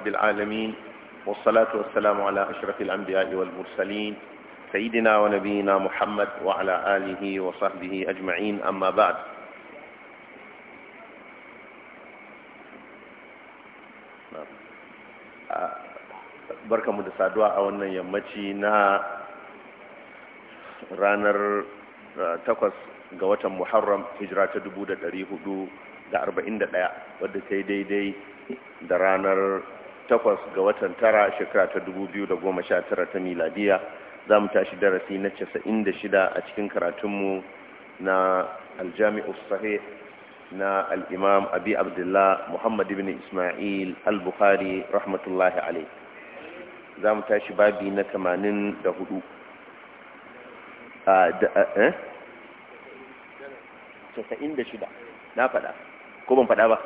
رب العالمين والصلاة والسلام على أشرف الأنبياء والمرسلين سيدنا ونبينا محمد وعلى آله وصحبه أجمعين أما بعد بركة mu da يمتينا رانر آه، تقص قوات محرم هجرة دبودة تريه دو muharram hijira ta 1441 wadda ta daidai da ranar takwas ga watan tara shekara ta dubu biyu da goma sha tara ta miladiya za mu tashi darasi na casa'in da shida a cikin karatunmu na aljami'u sahih na al'imam abi abdullah muhammad ibn ismail al-bukhari rahmatullahi alai za mu tashi babi na tamanin da hudu eh? casa'in da shida na faɗa ko ban faɗa ba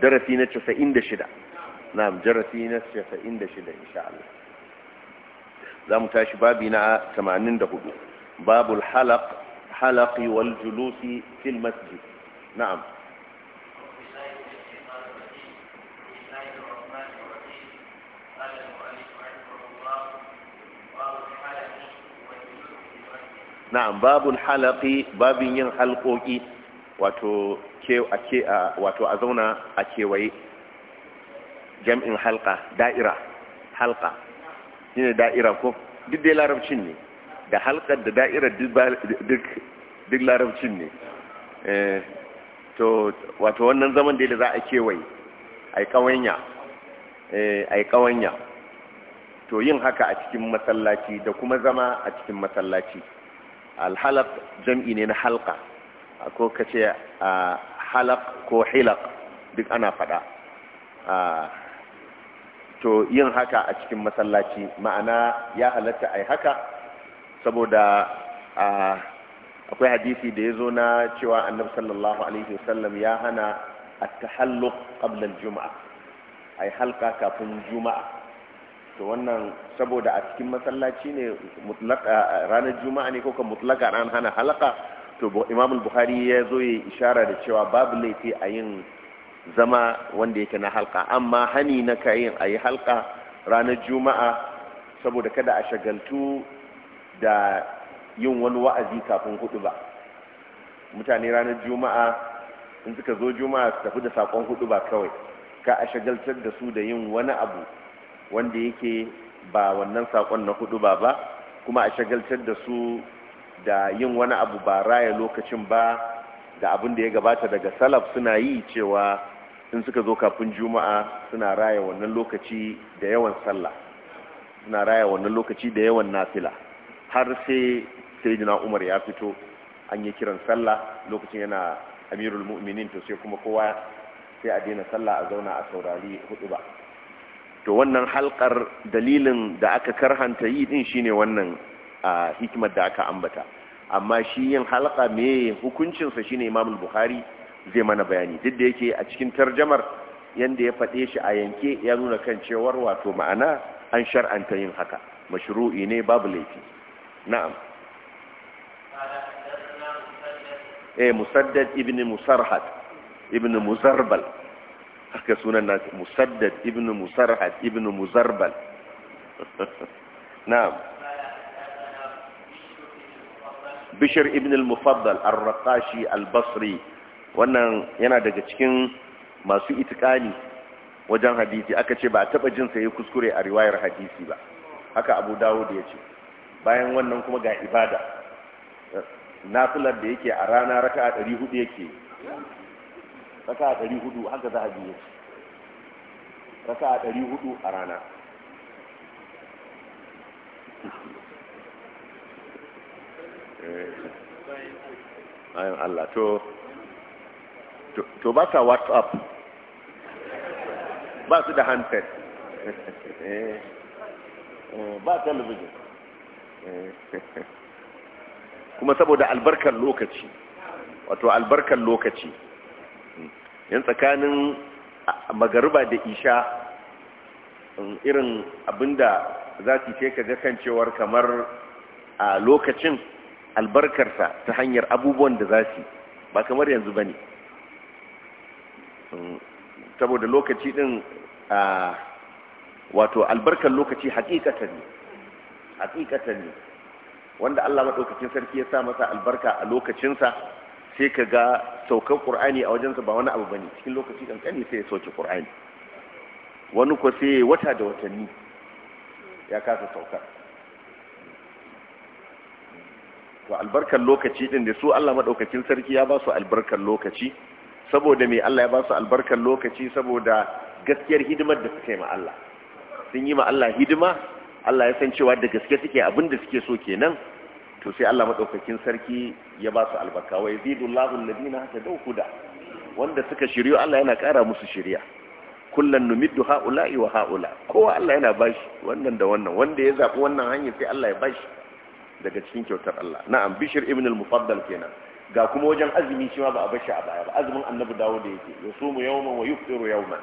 darasi na casa'in da shida na'am jarasi na 96 insha Allah zamu tashi babi na 84 babul halaq wal julusi fil masjid na'am na'am babu halaqi babin yin halqoki wato ke a ke wato a zauna a kewaye jam'in halka da'ira halka shine da'ira ko duk dai larabcin ne da halkar da da'irar duk larabcin ne eh, to wato wannan zaman da za a kewaye a kawanya eh, a kawanya to yin haka a cikin masallaci da kuma zama a cikin masallaci alhalaq jam'i ne na halka ko kace ah, halaq ko hilaq duk ana fada ah, to yin haka a cikin masallaci ma'ana ya halatta ai haka saboda akwai hadisi da ya zo na cewa annabi sallallahu alaihi wasallam ya hana at-tahalluq qabla al-jum'a ai halka kafin juma'a to wannan saboda a cikin masallaci ne mutlaka ranar juma'a ne ko kan mutlaka ran hana halaka to imam bukhari ya zo ya ishara da cewa babu laifi a yin zama wanda yake na halka amma hani na kayin a yi halka ranar juma'a saboda kada a shagaltu da yin wani wa'azi kafin hudu ba mutane ranar juma'a in suka zo juma'a su tafi da sakon hudu ba kawai ka a shagaltar da su da yin wani abu wanda yake ba wannan sakon na hudu ba ba kuma a shagaltar da su da yin wani abu ba raya lokacin ba da abin da ya gabata daga salaf suna yi cewa in suka zo kafin juma'a suna raya wannan lokaci da yawan sallah suna raya wannan lokaci da yawan nafila har sai sayyidina Umar ya fito an yi kiran sallah lokacin yana amirul mu'minin to sai kuma kowa sai a daina sallah a zauna a saurari hudu ba to wannan halkar dalilin da aka karhanta yi din shine wannan hikimar da aka ambata amma shi yin halka me hukuncinsa shine imamul Bukhari zai mana bayani duk da yake a cikin tarjamar yadda ya faɗe shi a yanke ya nuna kan cewar wato ma'ana an shar'anta yin haka mashru'i ne babu laifi na'am eh musaddad ibn musarhad ibn muzarbal haka sunan nasa musaddad ibn musarhad ibn muzarbal na'am bishir ibn al-mufaddal ar-raqashi al-basri wannan yana daga cikin masu itikani wajen hadisi aka ce ba taba jin ya kuskure a riwayar hadisi ba haka Abu Dawud ya ce bayan wannan kuma ga ibada nafilar da yake a rana raka'a 400 yake raka'a 400 haka zahabi yake raka'a 400 a rana eh. bayan Allah to to ba sa whatsapp ba su da handset eh, eh, ba talabijin eh, kuma saboda albarkar lokaci wato albarkar lokaci hmm. yan tsakanin magariba da isha hmm, irin abinda za su ce ka kan cewar kamar a lokacin albarkarsa ta hanyar abubuwan da za su ba kamar yanzu ba ne Mm, saboda lokaci din wato albarkar lokaci hakikatan ne hakikatan wanda Allah madaukakin sarki ya sa masa albarka a lokacinsa sai ka ga saukan qur'ani a wajensa ba wani abu bane cikin lokaci kankani sai ya sauke qur'ani wani ko sai wata da watanni ya kasa sauka to albarkar lokaci din da su Allah madaukakin sarki ya ba su albarkar lokaci saboda mai Allah ya ba su albarkar lokaci saboda gaskiyar hidimar da suka yi ma Allah sun yi ma Allah hidima Allah ya san cewa da gaske suke abin da suke so kenan to sai Allah madaukakin sarki ya ba su albarka wa yazidullahu alladhina hatadaw da wanda suka shiryu Allah yana ƙara musu shirya kullun numiddu haula'i wa haula kowa Allah yana bashi wannan da wannan wanda ya zabi wannan hanyar, sai Allah ya bashi daga cikin kyautar Allah na'am bishir ibn al-mufaddal kenan ga kuma wajen azumi shi ma ba a bar shi a baya ba azumin annabi dawo da yake ya mu yawman wa yuftiru yawman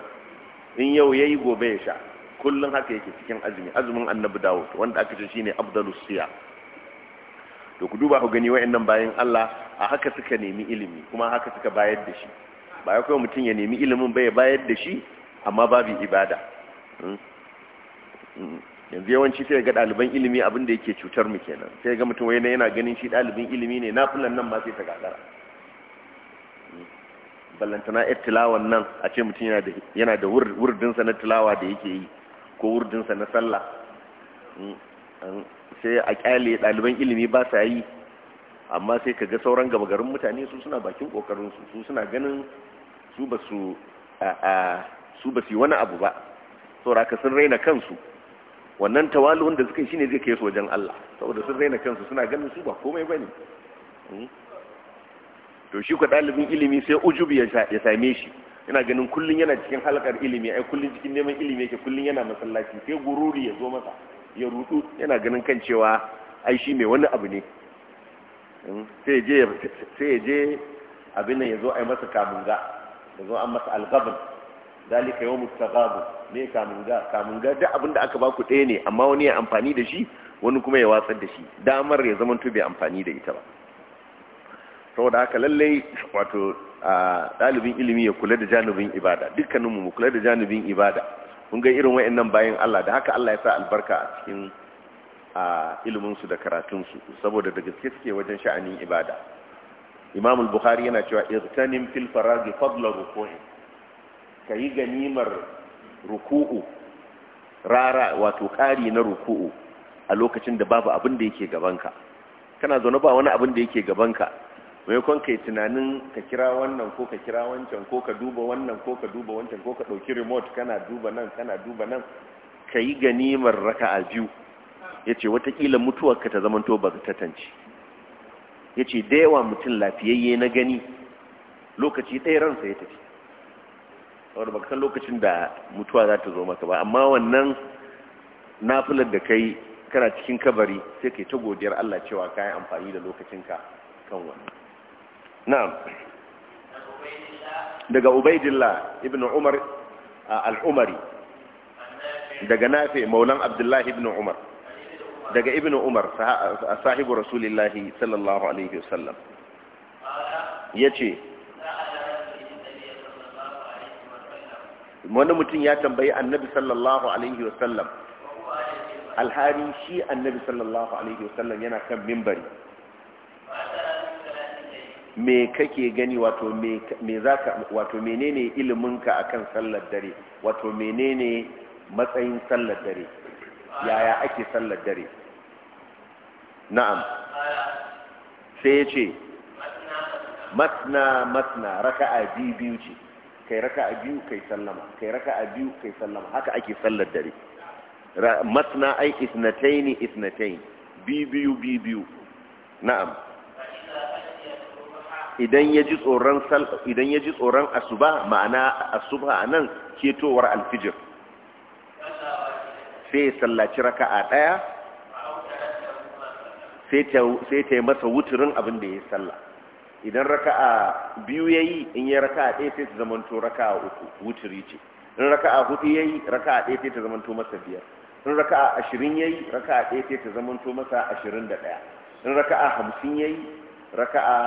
in yau yayi gobe ya sha kullun haka yake cikin azumi azumin annabi dawo wanda aka ce shine afdalus siya to ku duba ku gani wayannan bayan Allah a haka suka nemi ilimi kuma haka suka bayar da shi ba ya kawai mutum ya nemi ilimin bai bayar da shi amma babu ibada hmm? Hmm. yanzu yawanci sai ga ɗaliban ilimi abin da yake cutar mu kenan sai ga mutum wani yana ganin shi ɗalibin ilimi ne na fulan nan ma sai ta gagara ballantana ya tilawan nan a ce mutum yana da wurdinsa na tilawa da yake yi ko wurdinsa na sallah hmm, sai a kyale ɗaliban ilimi ba sa yi amma sai ka ga sauran gaba garin mutane su suna bakin ƙoƙarinsu su suna ganin su ba su yi wani abu ba sauraka sun raina kansu wannan tawalun da suka yi shine zai kai su wajen Allah saboda sun raina kansu suna ganin su ba komai bane hmm? to shi ko dalibin ilimi sai ujubi ya same shi ina ganin kullun yana cikin halakar ilimi ai kullun cikin neman ilimi yake kullun yana masallaci sai gururi ya zo masa ya rudu yana ganin kan cewa ai shi mai wani abu ne hmm? sai je sai je abin nan ya zo ai masa kabunga ya zo an masa alqabr zalika yawmut tagabu ne kamun ga kamun ga duk abin da aka baku ɗaya ne amma wani ya amfani da shi wani kuma ya watsar da shi damar ya zama to bai amfani da ita ba saboda haka lallai wato ɗalibin ilimi ya kula da janibin ibada dukkaninmu mu kula da janibin ibada mun ga irin wayannan bayan Allah da haka Allah ya sa albarka a cikin iliminsu da karatunsu saboda da gaske suke wajen sha'anin ibada imamul buhari yana cewa irtanim fil faragi fadla ruku'in ka yi ganimar ruku'u rara wato ƙari na ruku'u a lokacin da babu abin da yake gabanka kana zaune ba wani abin da yake gabanka ka kai tunanin ka kira wannan ko ka kira wancan ko ka duba wannan ko ka duba wancan ko ka ɗauki remote kana duba nan kana duba nan ka yi ganimar raka'a biyu ya ce watakila mutuwarka ta zamanto ba ta tance ya da yawa mutum lafiyayye na gani lokaci ɗaya ransa ya tafi wadda baka san lokacin da mutuwa za ta zo maka ba amma wannan nafilar da kai kana cikin kabari sai kai ta godiyar Allah cewa ka yi amfani da lokacinka kan wannan na'am daga ubaidillah ibn umar al-umari daga nafi maulan abdullahi ibn umar daga ibn umar sahibu rasulillahi sallallahu alaihi wasallam ce. wani mutum ya tambayi annabi sallallahu alaihi wasallam alhari shi annabi sallallahu alaihi wasallam yana kan mimbari me kake gani wato me zaka wato menene iliminka akan sallar dare wato menene matsayin sallar dare yaya ake sallar dare na'am sai ya ce matna matna raka'a biyu biyu ce kai a biyu kai sallama kai a biyu kai sallama haka ake sallar dare matna ai isnataini isnataini biyu biyu biyu na'am idan ya ji tsoron idan yaji tsoran asuba ma'ana asuba nan ketowar alfijir sai ya sallaci raka'a daya sai sai tayi masa wuturin abin da ya salla idan raka'a biyu yayi in ya raka'a ɗaya sai ta zamanto raka'a uku wuturi ce in raka'a hudu yayi raka'a ɗaya sai ta zamanto masa biyar in raka'a ashirin yayi raka'a ɗaya sai ta zamanto masa ashirin da ɗaya in raka'a hamsin yayi raka'a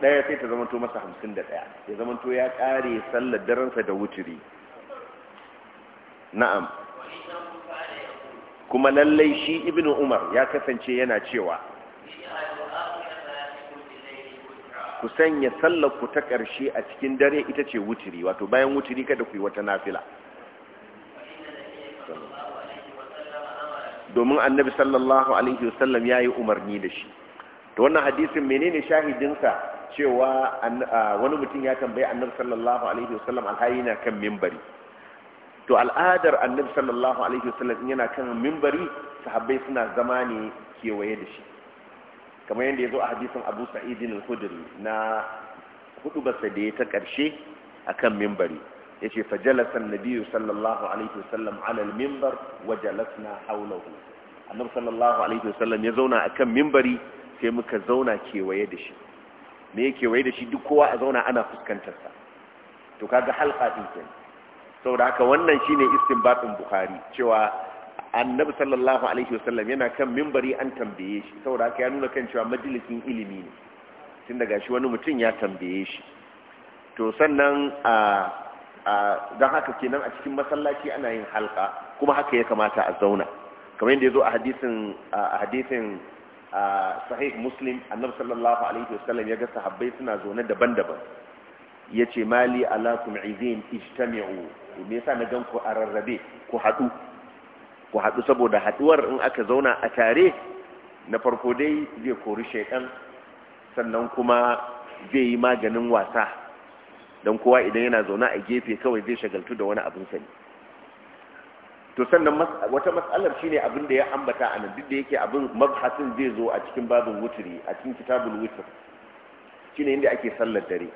ɗaya sai ta zamanto masa hamsin da ɗaya ya zamanto ya ƙare sallar daransa da wuturi na'am kuma lallai shi ibnu umar ya kasance yana cewa ku sanya sallar ku ta ƙarshe a cikin dare ita ce wuturi, wato bayan wuturi kada ku yi wata nafila domin annabi sallallahu alaihi wasallam ya yi umarni da shi to wannan hadisin menene shahidinsa cewa wani mutum ya tambayi annabi sallallahu alaihi wasallam alhayi na kan mimbari to al'adar annabi sallallahu alaihi wasallam yana kan mimbari sahabbai suna zama ne kewaye da shi kamar yadda ya zo a hadisun abu sa'idin al na hudu basa da ya ta ƙarshe a kan mimbari ya ce fajalasan biyu sallallahu alaihi wasallam alal mimbar wa jalasna haulahu annabi sallallahu alaihi wasallam ya zauna a kan mimbari sai muka zauna kewaye da shi me ya kewaye da shi duk kowa a zauna ana fuskantarsa to kaga halka ɗin kenan saboda haka wannan shine istinbatin bukhari cewa annabi sallallahu alaihi wasallam yana kan mimbari an tambaye shi saboda haka ya nuna kan cewa majalisin ilimi ne tun daga shi wani mutum ya tambaye shi to sannan a don haka kenan a cikin masallaci ana yin halka kuma haka ya kamata a zauna kamar yadda ya zo a hadisin a hadisin sahih muslim annabi sallallahu alaihi wasallam ya ga sahabbai suna zaune daban-daban ya ce mali alakum izin ijtami'u me yasa na gan ku a rarrabe ku haɗu ku haɗu saboda haɗuwar in aka zauna a tare na farko dai zai kori shaidan sannan kuma zai yi maganin wasa don kowa idan yana zauna a gefe kawai zai shagaltu da wani abin sani to sannan wata matsalar shine abin da ya ambata a nan duk da yake abin mabhasin zai zo a cikin babin wuturi a cikin kitabul wutur shine inda ake sallar dare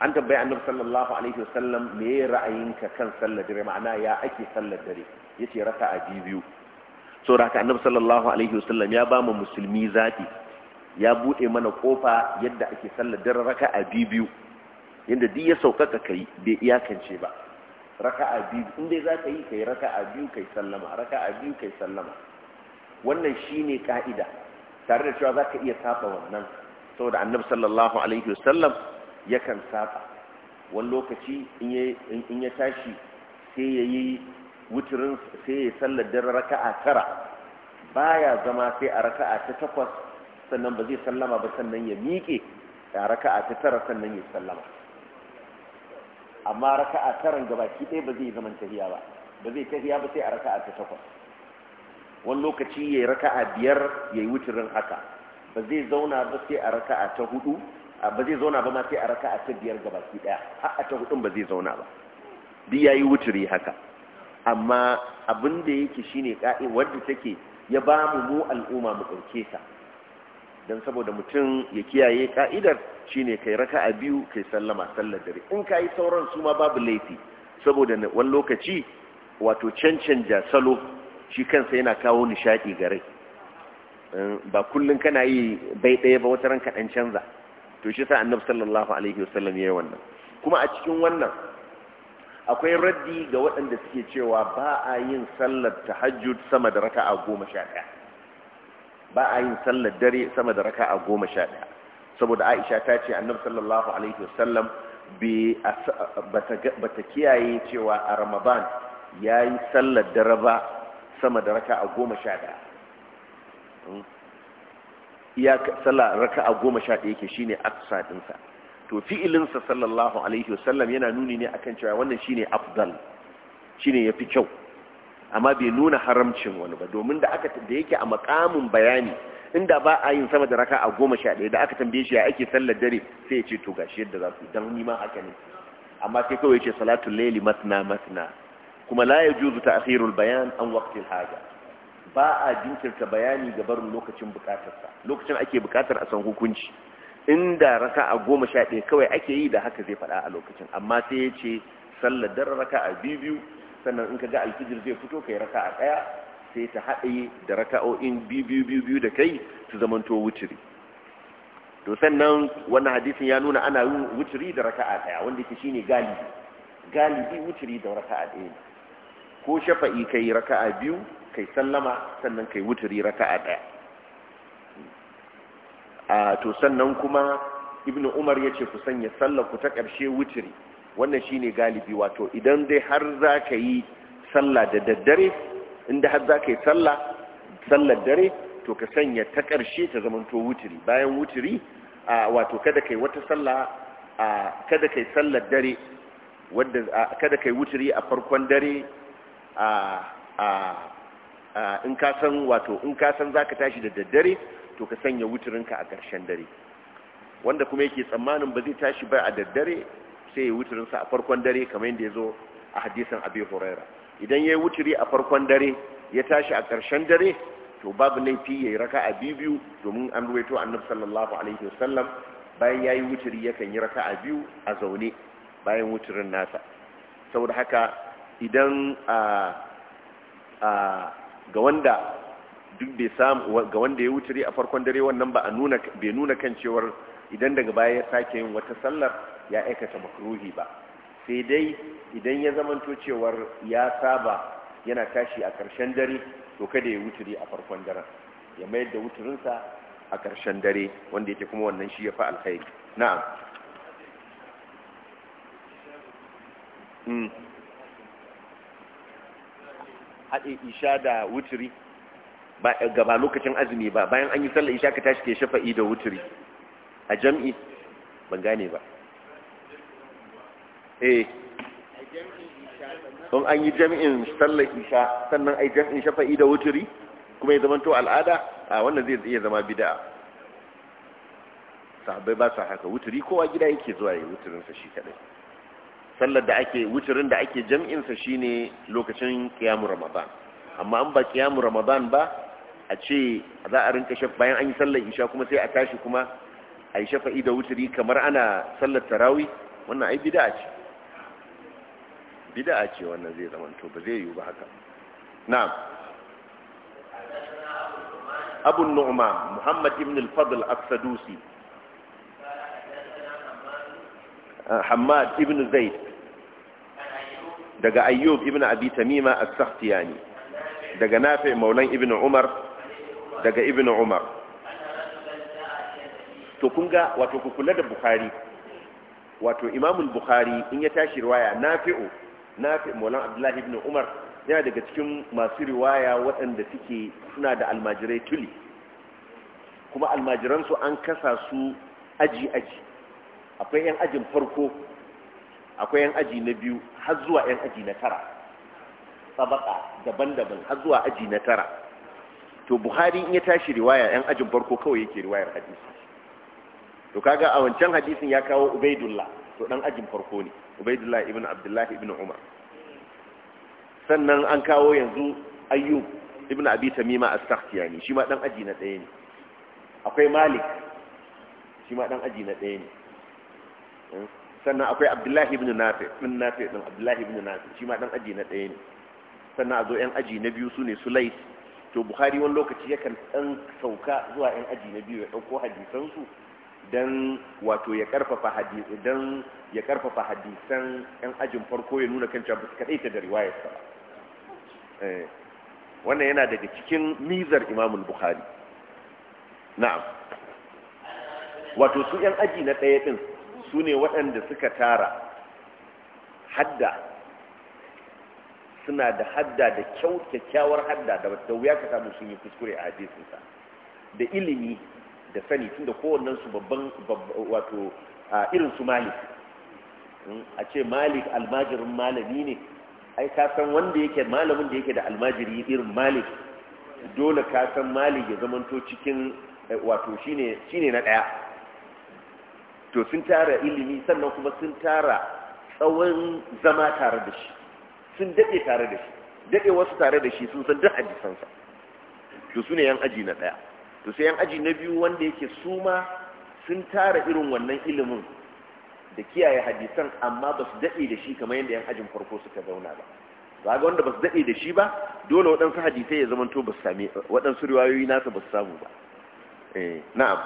an tambayi annabi sallallahu alaihi wasallam me ya ra'ayinka kan sallar dare ma'ana ya ake sallar dare yace raka'a biyu so raka annabi sallallahu alaihi wasallam ya ba mu musulmi zaɓi ya bude mana kofa yadda ake sallar dare raka'a biyu yadda duk ya saukaka kai bai iyakance ba raka'a biyu in dai ka yi kai raka'a biyu kai sallama raka'a biyu kai sallama wannan shine ka'ida tare da cewa ka iya saba wannan saboda annabi sallallahu alaihi wasallam yakan saba wani lokaci in ya tashi sai ya yi wuturin sai ya sallar raka'a tara baya zama sai a raka'a ta takwas sannan ba zai sallama ba sannan ya miƙe a raka'a ta tara sannan ya sallama amma raka'a taran gabaki ɗaya ba zai zaman tahiya ba ba zai tahiya ba sai a raka'a ta takwas wani lokaci ya yi raka'a biyar ya yi wuturin haka ba zai zauna ba sai a raka'a ta hudu ba zai zauna ba ma sai a raka a ta biyar ga ɗaya. daya har a ta hudun ba zai zauna ba duk yayi wuturi haka amma abin da yake shine ka'i wanda take ya ba mu mu al'umma mu dauke ta dan saboda mutum ya kiyaye ka'idar shine kai raka a biyu kai sallama sallar dare in yi sauran su ma babu laifi saboda wani lokaci wato cancanja salo shi kansa yana kawo nishaɗi ga rai ba kullum kana yi bai ɗaya ba wata ran kaɗan canza to shi sa annabi sallallahu alaihi wasallam yayin wannan kuma a cikin wannan akwai raddi ga waɗanda suke cewa ba a yin sallar tahajjud sama da raka'a goma sha ɗaya ba a yin sallar dare sama da raka'a goma sha ɗaya saboda aisha ta ce annabi sallallahu alaihi wasallam ba ta kiyaye cewa a ramadan ya yi sallar dare ba sama da raka'a goma sha ɗaya hmm? iya raka a goma sha ɗaya ke shine aksa ɗinsa to fi'ilinsa sallallahu alaihi wasallam yana nuni ne akan cewa wannan shine afdal shine fi kyau amma bai nuna haramcin wani ba domin da aka da yake a makamin bayani inda ba a yin sama da raka a goma sha ɗaya da aka tambaye shi ya ake sallar dare sai ya ce to gashi yadda za su don nima haka ne amma sai kawai ya ce salatul laili matna matna kuma la ya yajuzu ta'khirul bayan an waqtil haja ba a jinkirta bayani ga barin lokacin bukatarsa lokacin ake bukatar a san hukunci inda raka a goma sha ɗaya kawai ake yi da haka zai faɗa a lokacin amma sai ya ce sallar da raka a biyu biyu sannan in ka ga alfijir zai fito kai raka a ɗaya sai ta haɗe da raka'o'in biyu biyu biyu biyu da kai su zamanto wuturi to sannan wani hadisin ya nuna ana yin wuturi da raka'a ɗaya wanda yake shine galibi galibi wuturi da raka'a ɗaya ko shafa'i kai raka'a biyu kai sallama sannan kai wuturi raka'a daya a to sannan kuma ibnu umar yace ku sanya sallar ku ta karshe wuturi wannan shine galibi wato idan dai har za ka yi sallah da daddare inda har za yi sallah sallar dare to ka sanya ta ƙarshe ta to wuturi bayan wuturi wato kada kai wata sallah kada kai sallar dare wanda kada kai wuturi a farkon dare a in ka san wato in ka san zaka tashi da daddare to ka sanya wuturinka a ƙarshen dare wanda kuma yake tsammanin ba zai tashi ba a daddare sai ya wuturinsa a farkon dare kamar yadda ya zo a hadisin abi huraira idan yayi yi wuturi a farkon dare ya tashi a ƙarshen dare to babu laifi yayi yi raka a biyu domin an ruwaito annabi sallallahu alaihi wasallam bayan yayi yi wuturi yakan yi raka biyu a zaune bayan wuturin nasa saboda haka idan a ga wanda duk bai samu ga wanda ya wuturi a farkon dare wannan ba a nuna bai nuna kan cewar idan daga baya ya sake yin wata sallar ya aikata makruhi ba sai dai idan ya zamanto cewar ya saba yana tashi a ƙarshen dare to kada ya wuturi a farkon daren ya mayar da wuturinsa a ƙarshen dare wanda yake kuma wannan shi ya fi alkhairi na'am hmm. haɗe isha da wuturi gaba lokacin azumi ba bayan an yi sallar isha ka tashi ke shafa'i da wuturi a jam'i ban gane ba eh don an yi jam'in sallar isha sannan ai jam'in shafa'i da wuturi kuma ya zamanto al'ada a wannan zai iya zama bid'a sahabbai ba sa haka wuturi kowa gida yake zuwa ya wuturinsa shi kadai sallar da ake wucirin da ake jam'insa shine lokacin kiyamu ramadan amma an ba kiyamu ramadan ba a ce za a rinka shafa bayan an yi sallar isha kuma sai a tashi kuma a yi shafa'i da wuturi kamar ana sallar tarawi wannan ai bid'a ce bid'a ce wannan zai zama to ba zai yiwu ba haka na'am abu nu'man muhammad ibn al-fadl as-sadusi حماد ابن زيد daga ayyub ibn abi tamima as-sakhtiyani daga nafi maulan ibn umar daga ibn umar to kun ga wato ku kula da bukhari wato al bukhari in ya tashi riwaya nafi'u nafi maulan abdullahi ibn umar yana daga cikin masu riwaya waɗanda suke suna da almajirai tuli kuma almajiransu an kasa su aji-aji akwai 'yan ajin farko akwai yan aji na biyu har zuwa yan aji na tara sabaka daban-daban har zuwa aji na tara to buhari in ya tashi riwaya yan ajin barko kawai yake riwayar hadisi to kaga a wancan hadisin ya kawo ubaidullah to dan ajin farko ne ubaidullah ibn abdullahi ibn umar sannan an kawo yanzu ayyub ibn abi tamima as-sakhtiyani shi ma dan aji na ɗaya ne akwai malik shi ma dan aji na ɗaya ne hmm? sannan akwai abdullahi ibn nafi min nafi ibn abdullahi ibn nafi shi ma dan aji na ɗaya ne sannan a zo yan aji na biyu sune sulais to buhari wani lokaci yakan dan sauka zuwa yan aji na biyu ya dauko hadisan su dan wato ya karfafa hadisi dan ya karfafa hadisan yan ajin farko ya nuna kan cewa ba su ta da riwayar sa eh wannan yana daga cikin mizar imamul bukhari na'am wato su yan aji na ɗaya din su ne waɗanda suka tara hadda suna da hadda da kyau kyakkyawar hadda da da wuya ka samu sun yi kuskure a hadisinsa da ilimi da sani tunda kowannen su babban wato irin su malik hmm, a ce malik almajirin malami ne ai ka san wanda yake malamin da yake da almajiri irin malik dole ka san malik ya zamanto cikin eh, wato shine shine na daya to sun tara ilimi sannan kuma sun tara tsawon zama tare da shi sun daɗe tare da shi daɗe wasu tare da shi sun san duk hadisansa to su ne yan aji na ɗaya to sai yan aji na biyu wanda yake su ma sun tara irin wannan ilimin da kiyaye hadisan amma ba su daɗe da shi kamar yadda yan ajin farko suka zauna ba ba ga wanda ba su daɗe da shi ba dole waɗansu hadisai ya zamanto ba su sami waɗansu riwayoyi nasa ba su samu ba eh, na'am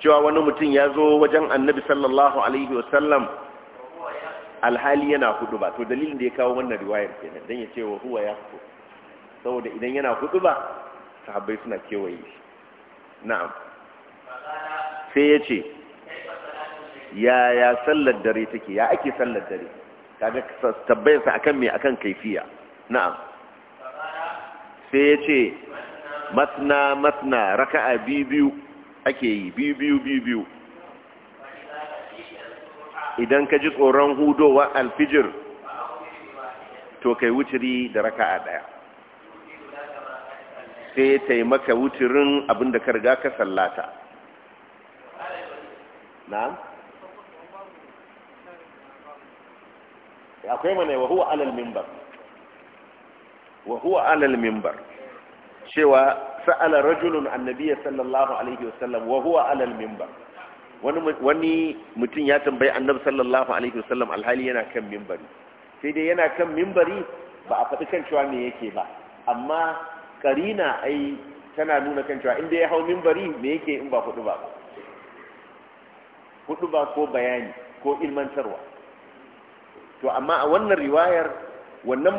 cewa wani mutum ya zo wajen annabi sallallahu alaihi wasallam alhali yana hudu ba to dalilin da ya kawo wannan riwayar kenan dan ya ce wa huwa ya hudu saboda idan yana hudu ba sahabbai suna kewaye shi na'am sai ya ce ya ya sallar dare take ya ake sallar dare kaga tabbayarsa akan me akan kaifiya na'am sai ya ce matna matna raka'a biyu biyu ake yi biyu biyu biyu biyu idan ka ji tsoron hudowa alfijir to kai wuturi da raka a ɗaya sai taimaka wuturin abinda ka riga ka sallata na'am akwai mana wa huwa alal mimbar wa huwa alal mimbar cewa sa'ala rajulun annabiya sallallahu alaihi wasallam wa huwa alal minbar wani mutum ya tambayi annabi sallallahu alaihi wasallam alhali yana kan mimbari sai dai yana kan mimbari ba a faɗi kan cewa me yake ba amma karina ai tana nuna kan cewa inda ya hau mimbari me yake in ba hudu ba hudu ba ko bayani ko ilmantarwa to amma a wannan riwayar wannan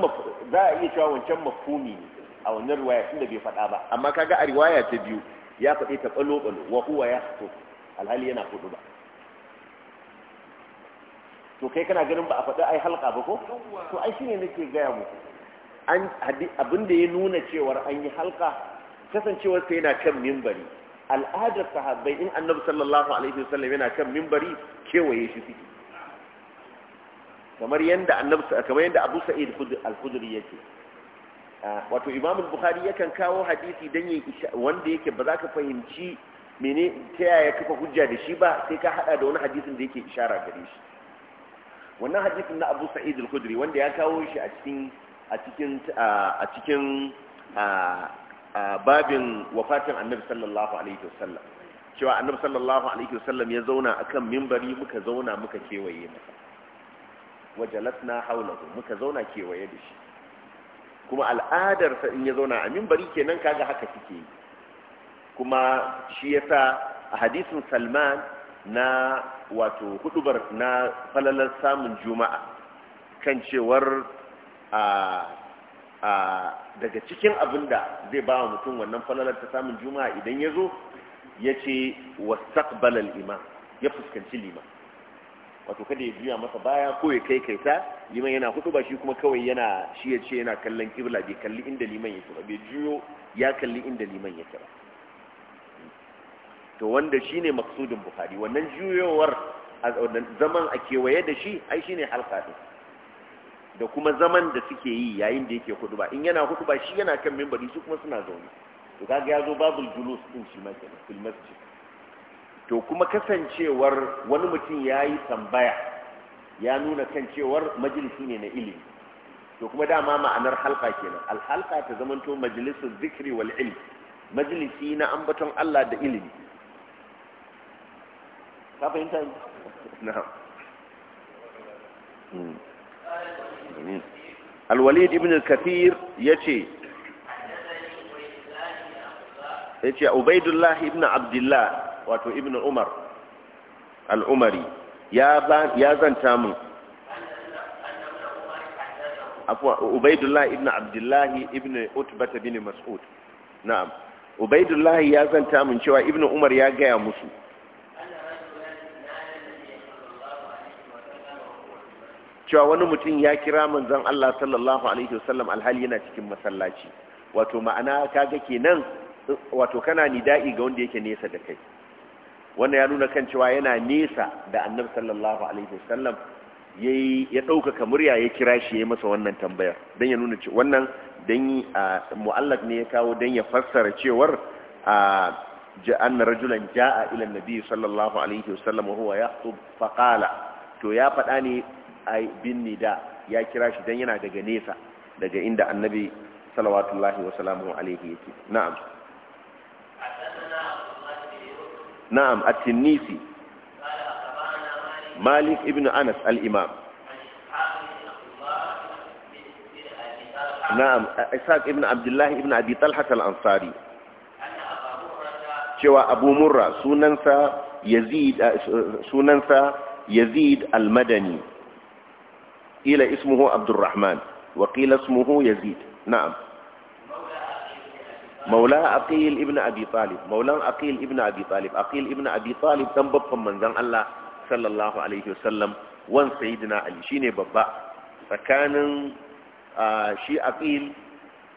za a iya cewa wancan mafhumi ne a wannan riwaya da bai faɗa ba amma kaga a riwaya ta biyu ya faɗi ta ɓalo ɓalo wa huwa ya fito alhali yana kudu ba to kai kana ganin ba a faɗi ai halka ba ko to ai shine nake gaya muku an abin da ya nuna cewar an yi halka kasancewar sai yana kan mimbari al'adar sahabbai in annabi sallallahu alaihi wasallam yana kan mimbari kewaye shi suke kamar yanda annabi kamar yanda Abu Sa'id al-Khudri yake wato Imamul bukhari yakan kawo hadisi dan yin wanda yake ba za ka fahimci mene ta yaya kafa hujja da shi ba sai ka hada da wani hadisin da yake ishara gare shi wannan hadisin na Abu Sa'id al-Khudri wanda ya kawo shi a cikin a cikin a cikin babin wafatin Annabi sallallahu alaihi wasallam cewa Annabi sallallahu alaihi wasallam ya zauna akan minbari muka zauna muka kewaye masa wajalatna hawlahu muka zauna kewaye da shi kuma al'adarsa in ya zauna a mimbari kenan kaga haka kike kuma shi yasa a hadisin salman na wato hudubar na falalar samun juma'a kan cewar a daga cikin abin da zai ba mutum wannan falalar ta samun juma'a idan ya zo ya ce wasu imam ya fuskanci liman wato kada ya juya masa baya ko ya kai kai ta liman yana hudu ba shi kuma kawai yana shi ya ce yana kallon kibla bai kalli inda liman yake ba bai juyo ya kalli inda liman yake ba to wanda shine maksudin bukhari wannan juyowar zaman a kewaye da shi ai shine halka din da kuma zaman da suke yi yayin da yake hudu ba in yana hudu ba shi yana kan mimbari su kuma suna zaune to kaga ya zo babul julus din shi ma kenan fil masjid to kuma kasancewar wani mutum ya yi tambaya ya nuna kan cewar majalisi ne na ilimi to kuma dama ma'anar halka kenan alhalka ta zamanto majalisun zikri wal ilmi majalisi na ambaton Allah da ilimi ka fahimta na'am hmm. alwalid ibn al-kathir yace yace ubaidullah ibn abdullah wato ibn umar al'umari ya zanta mun ubaidullah ibn abdullahi ibn utbata bin mas'ud na'am ubaidullah ya zanta mun cewa ibn umar ya gaya musu cewa wani mutum ya kira manzon Allah sallallahu alaihi wasallam alhali yana cikin masallaci wato ma'ana kaga kenan wato kana nida'i ga wanda yake nesa da kai wannan ya nuna kan cewa yana nesa da annabi sallallahu alaihi wasallam yayi ya dauka murya ya kira shi ya masa wannan tambayar dan ya nuna cewa wannan dan mu'allaf ne ya kawo dan ya fassara cewar anna rajulan jaa ila nabi sallallahu alaihi wasallam wa huwa yahtub qala to ya faɗa ne ai bin nida ya kira shi dan yana daga nesa daga inda annabi sallallahu alaihi wasallam alaihi yake na'am نعم التنيسي مالك ابن أنس الإمام نعم اسحاق ابن عبد الله ابن أبي طلحة الأنصاري شوى أبو مرة سننسى يزيد سننسى يزيد المدني قيل اسمه عبد الرحمن وقيل اسمه يزيد نعم maula aqil ibn abi talib maulan aqil ibn manzon Allah sallallahu alaihi wasallam wan sayyidina ali shine babba tsakanin shi aqil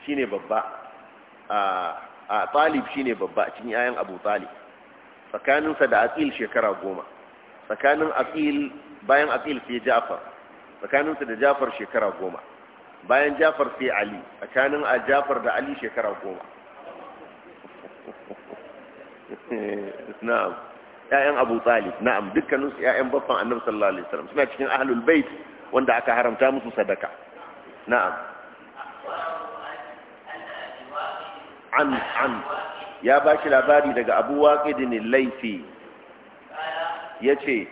shine babba a talib shine babba cikin yayan abu talib tsakaninsa da aqil shekara goma tsakanin aqil bayan aqil sai ja'far tsakaninsa da ja'far shekara goma bayan ja'far sai ali tsakanin ja'far da ali shekara goma na'am Ya'yan Abu Talib na'am dukkanin su ya'yan babban Annabi sallallahu alaihi wasallam suna cikin ahlul bait wanda aka haramta musu sadaka na'am an an ya ba shi labari daga Abu Waqidin Laifi yace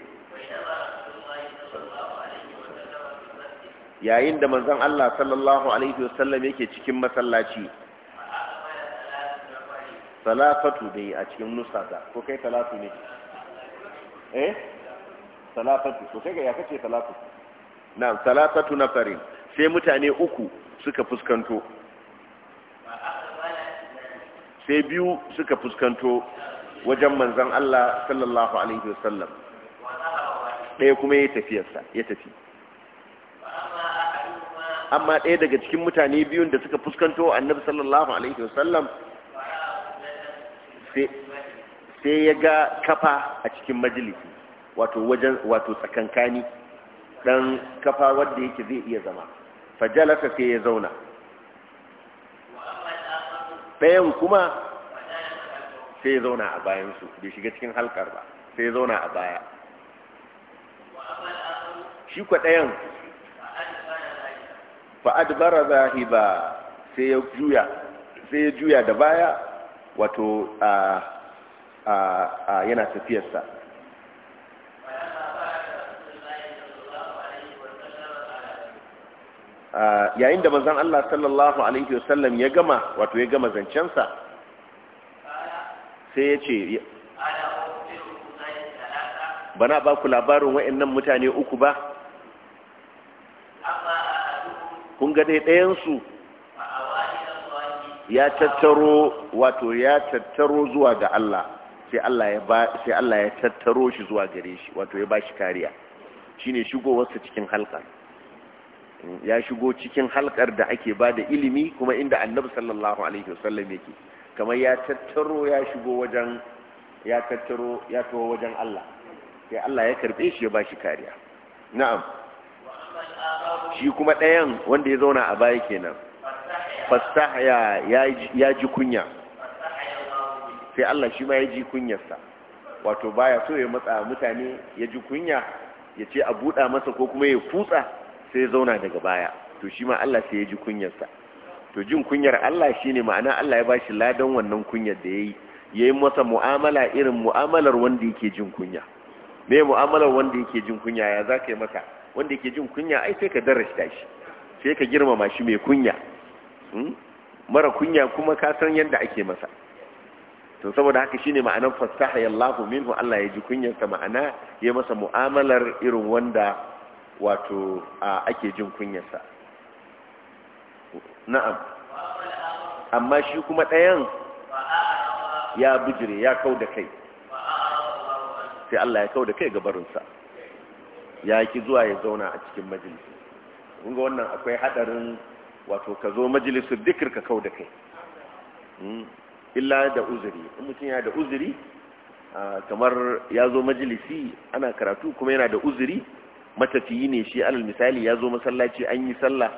yayin da manzon Allah sallallahu alaihi wasallam yake cikin masallaci salafatu dai a cikin nusata ko kai talatu ne eh salafatu ko kai ga ya kace salatu na'am salafatu farin sai mutane uku suka fuskanto sai biyu suka fuskanto wajen manzon Allah sallallahu alaihi wasallam ɗaya kuma ya tafiyarsa ya tafi amma ɗaya daga cikin mutane biyun da suka fuskanto annabi sallallahu alaihi wasallam sai ya ga kafa a cikin majalisi wato wajen wato tsakankani dan kafa wanda yake zai iya zama fajalasa sai ya zauna ɗayan kuma sai ya zauna a bayansu bai shiga cikin halkar ba sai ya zauna a baya shi kwa ɗayan fa'ad bara zahiba sai ya juya sai ya juya da baya wato yana tafiyarsa yayin da manzon Allah sallallahu alaihi wasallam ya gama wato ya gama zancensa sai ya ce bana ba ku labarin wa'annan mutane uku ba kun ga ɗayansu ya tattaro wato ya tattaro zuwa ga Allah sai Allah ya ba sai Allah ya tattaro shi zuwa gare shi wato ya ba shi kariya shine shigowarsa cikin halkar ya shigo cikin halkar da ake da ilimi kuma inda Annabi sallallahu alaihi wasallam yake kamar ya tattaro ya shigo wajen ya tattaro ya tawo wajen Allah sai Allah ya karbe shi ya ba shi kariya na'am shi kuma ɗayan wanda ya zauna a baya kenan fastahya ya ji kunya sai Allah shi ma ya ji kunyarsa wato baya so ya matsa mutane ya ji kunya ya ce a buɗa masa ko kuma ya kutsa sai ya zauna daga baya to shi ma Allah sai ya ji kunyarsa to jin kunyar Allah shi ne ma'ana Allah ya ba shi ladan wannan kunyar da ya yi ya yi masa mu'amala irin mu'amalar wanda yake jin kunya me mu'amalar wanda yake jin kunya ya za ka yi masa wanda yake jin kunya ai sai ka darasta shi sai ka girmama shi mai kunya Hmm? mara kunya kuma ka san yadda ake masa to saboda haka shine ma'anar fastaha yallahu minhu Allah ya ji kunyarsa ma'ana ya masa mu'amalar irin wanda wato ake jin kunyarsa na'am amma shi kuma ɗayan ya bijire ya kau da kai sai Allah ya kau da kai gabarinsa ya ki zuwa ya zauna a cikin majalisi kun ga wannan akwai hadarin wato ka zo majalisar dikir ka kau da kai hmm. illa da uzuri in mutum yana da uzuri kamar ya zo majalisi ana karatu kuma yana da uzuri matafiyi ne shi alal misali ya zo masallaci an yi sallah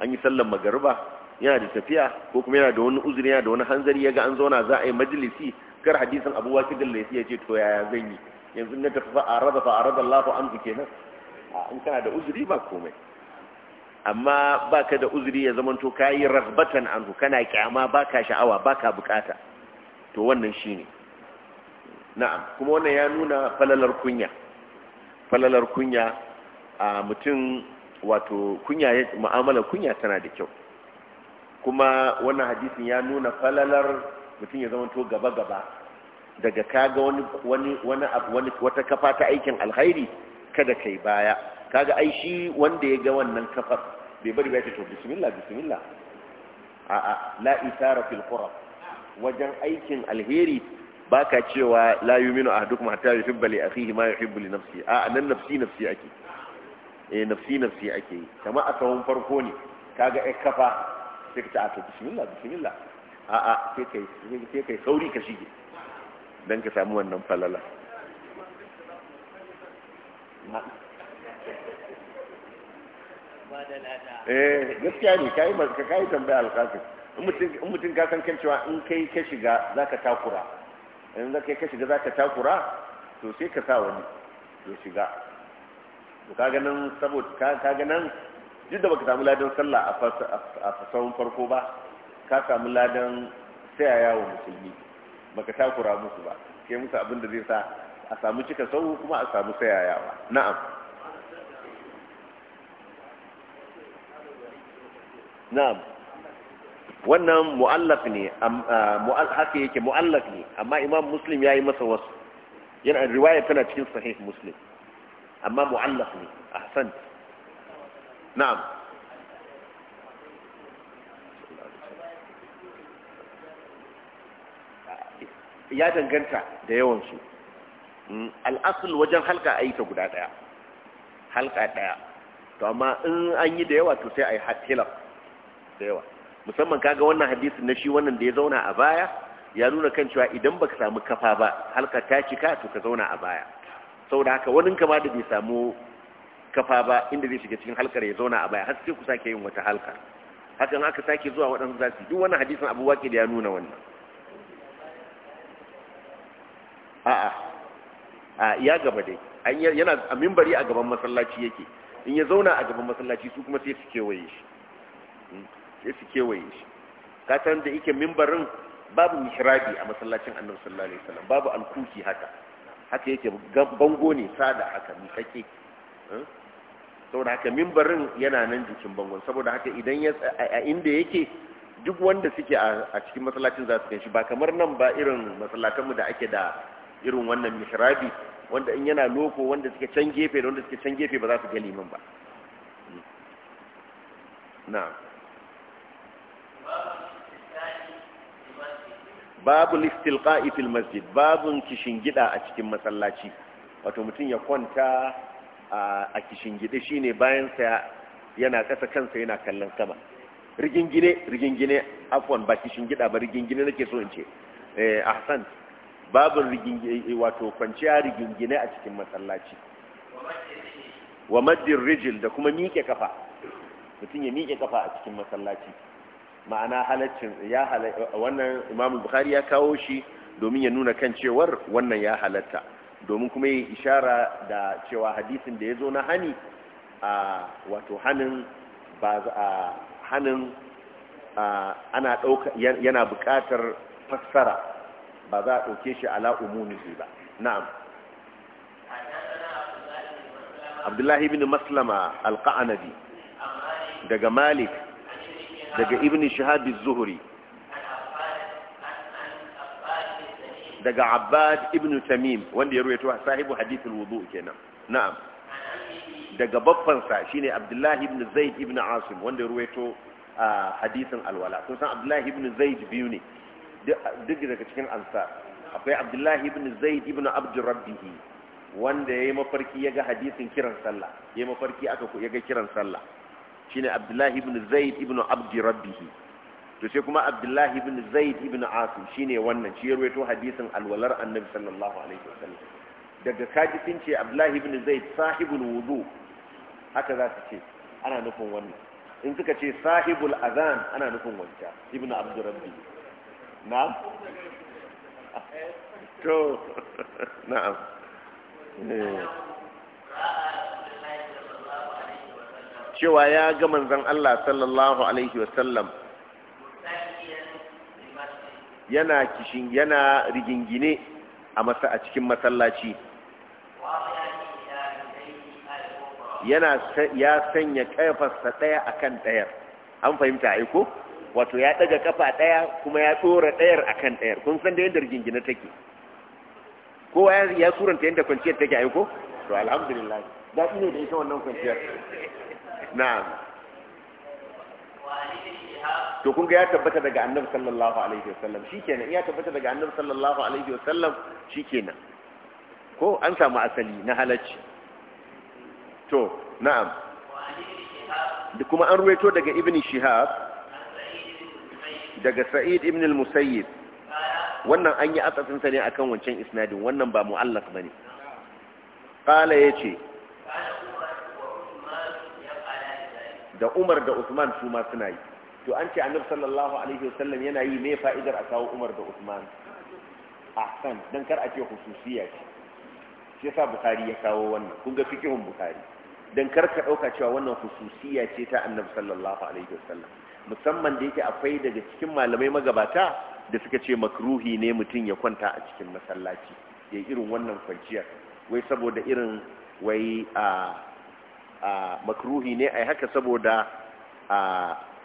an yi sallan magariba yana da tafiya ko kuma yana da wani uzuri yana da wani hanzari ya ga an zauna za a yi majalisi kar hadisin abu waki dallasi ya ce to yaya zan yi yanzu na tafi fa'arada fa'arada Allah an amfi kenan in kana da uzuri ba komai amma baka da uzuri ya zamanto kayi ragbatan anhu kana kyama baka sha'awa baka bukata to wannan shine na'am kuma wannan ya nuna falalar kunya falalar kunya a mutum wato kunya mu'amala kunya tana da kyau kuma wannan hadisin ya nuna falalar mutum ya zamanto gaba gaba daga kaga wani wani wata kafa ta aikin alkhairi kada kai baya kaga ai shi wanda ya ga wannan kafar bai bari bai ya ce to bismillah bismillah a'a la isara fil qurab wajen aikin alheri baka cewa la yuminu ahadukum hatta yuhibba li akhihi ma yuhibbu li nafsi a'a nan nafsi nafsi ake eh nafsi nafsi ake kama a tsawon farko ne kaga ai kafa sai ka ce to bismillah bismillah a'a sai kai sai kai sauri ka shige dan ka samu wannan falala eh gaskiya ne kai ba ka kai tambaya alƙasim in mutum ka san kan cewa in kai ka shiga za ka takura in za kai ka shiga za ka takura to sai ka sa wani ya shiga to kaga nan saboda kaga nan duk da baka samu ladan sallah a fasahun farko ba ka samu ladan saya yawo musulmi baka takura musu ba kai musu abin da zai sa a samu cika sau kuma a samu sayayawa na'am na'am wannan mu'allaf ne ah, haka yake mu'allaf ne amma imam muslim ya yi masa wasu yana riwaya tana cikin sahih muslim amma mu'allaf ne ahsan na'am ya danganta da yawansu hmm, al'asul wajen halka a yi ta guda daya halka daya to amma in an yi da yawa to sai a yi hatilaf da yawa musamman kaga wannan hadisin na shi wannan da ya zauna a baya ya nuna kan cewa idan baka samu kafa ba halka ta cika to ka zauna a baya saboda haka wani kama da bai samu kafa ba inda zai shiga cikin halkar ya zauna a baya har sai ku sake yin wata halka hakan aka sake zuwa waɗansu za su duk wannan hadisin abu waƙi da ya nuna wannan a'a a ya gaba dai yana a mimbari a gaban masallaci yake in ya zauna a gaban masallaci su kuma sai su kewaye shi sai su kewaye shi ka san da yake mimbarin babu mihrabi a masallacin annabi sallallahu alaihi wasallam babu alkuki haka haka yake bango ne sada haka miƙaƙe saboda haka mimbarin yana nan jikin bangon saboda haka idan ya a inda yake duk wanda suke a cikin masallacin za su ganshi ba kamar nan ba irin masallatanmu da ake da irin wannan mihrabi wanda in yana loko wanda suke can gefe da wanda suke can gefe ba za su ga liman ba hmm. na'am babu listilqa'i fil masjid babun kishin gida a cikin masallaci wato mutum ya kwanta a kishin gida shine bayan sa yana ƙasa kansa yana kallon sama rigingine rigingine afwan ba kishin gida ba rigingine nake so in ce eh ahsan babun rigingine eh, wato kwanciya rigingine a cikin masallaci wa maddi rijil da kuma miƙe kafa mutum ya miƙe kafa a cikin masallaci ma'ana halaccin ya wannan imam bukhari ya kawo shi domin ya nuna kan cewar wannan ya halatta domin kuma yi ishara da cewa hadisin da ya zo na hani a wato hannun ba a ana ɗauka yana buƙatar fassara ba za a ɗauke shi ala umumi ba na'am abdullahi bin maslama alƙa'anabi daga malik daga ibn shahab az-zuhri daga abbad ibn tamim wanda ya ruwaito sahibu al wudu kenan na'am daga sa shine abdullahi ibn zaid ibn asim wanda ya ruwaito hadithin al-wala kun san abdullahi ibn zaid biyu ne duk daga cikin ansar akwai abdullahi ibn zaid ibn rabbih wanda yayi mafarki yaga hadithin kiran sallah yayi mafarki aka yaga kiran sallah shine abdullahi ibn zaid ibn abdi rabbihi to sai kuma abdullahi ibn zaid ibn asim shine wannan shi rawaito hadisin alwalar annabi sallallahu alaihi wasallam daga kaji sun ce abdullahi ibn zaid sahibul wudu haka za su ce ana nufin wannan in suka ce sahibul azan ana nufin wancan ibn abdi rabbi na to na'am eh. cewa ya ga manzan Allah sallallahu alaihi wasallam yana kishin yana rigingine a masa a cikin masallaci yana ya sanya kafarsa daya akan daya an fahimta ai ko wato ya daga kafa daya kuma ya tsora dayar akan dayar kun san da yadda rigingine take kowa ya suranta yadda kwanciyar take ai ko to alhamdulillah daɗi ne da ita wannan kwanciyar na'am to kun ga ya tabbata daga annabi sallallahu alaihi wasallam shikenan ya tabbata daga annabi sallallahu alaihi wasallam shikenan ko an samu asali na halacci to na'am da kuma an ruwaito daga ibn shihab daga sa'id ibn al-musayyib wannan an yi sa ne akan wancan isnadin wannan ba mu'allaf bane qala yace da Umar da Usman su ma suna yi to an ce annabi sallallahu alaihi wasallam yana yi me fa'idar a kawo Umar da Usman ahsan dan kar a ce hususiya ce shi yasa Bukhari ya kawo wannan kun ga fikihun Bukhari dan kar ka dauka cewa wannan hususiya ce ta annabi sallallahu alaihi wasallam musamman da yake akwai daga cikin malamai magabata da suka ce makruhi ne mutum ya kwanta a cikin masallaci ya irin wannan kwanciyar wai saboda irin wai a makruhi ne a haka saboda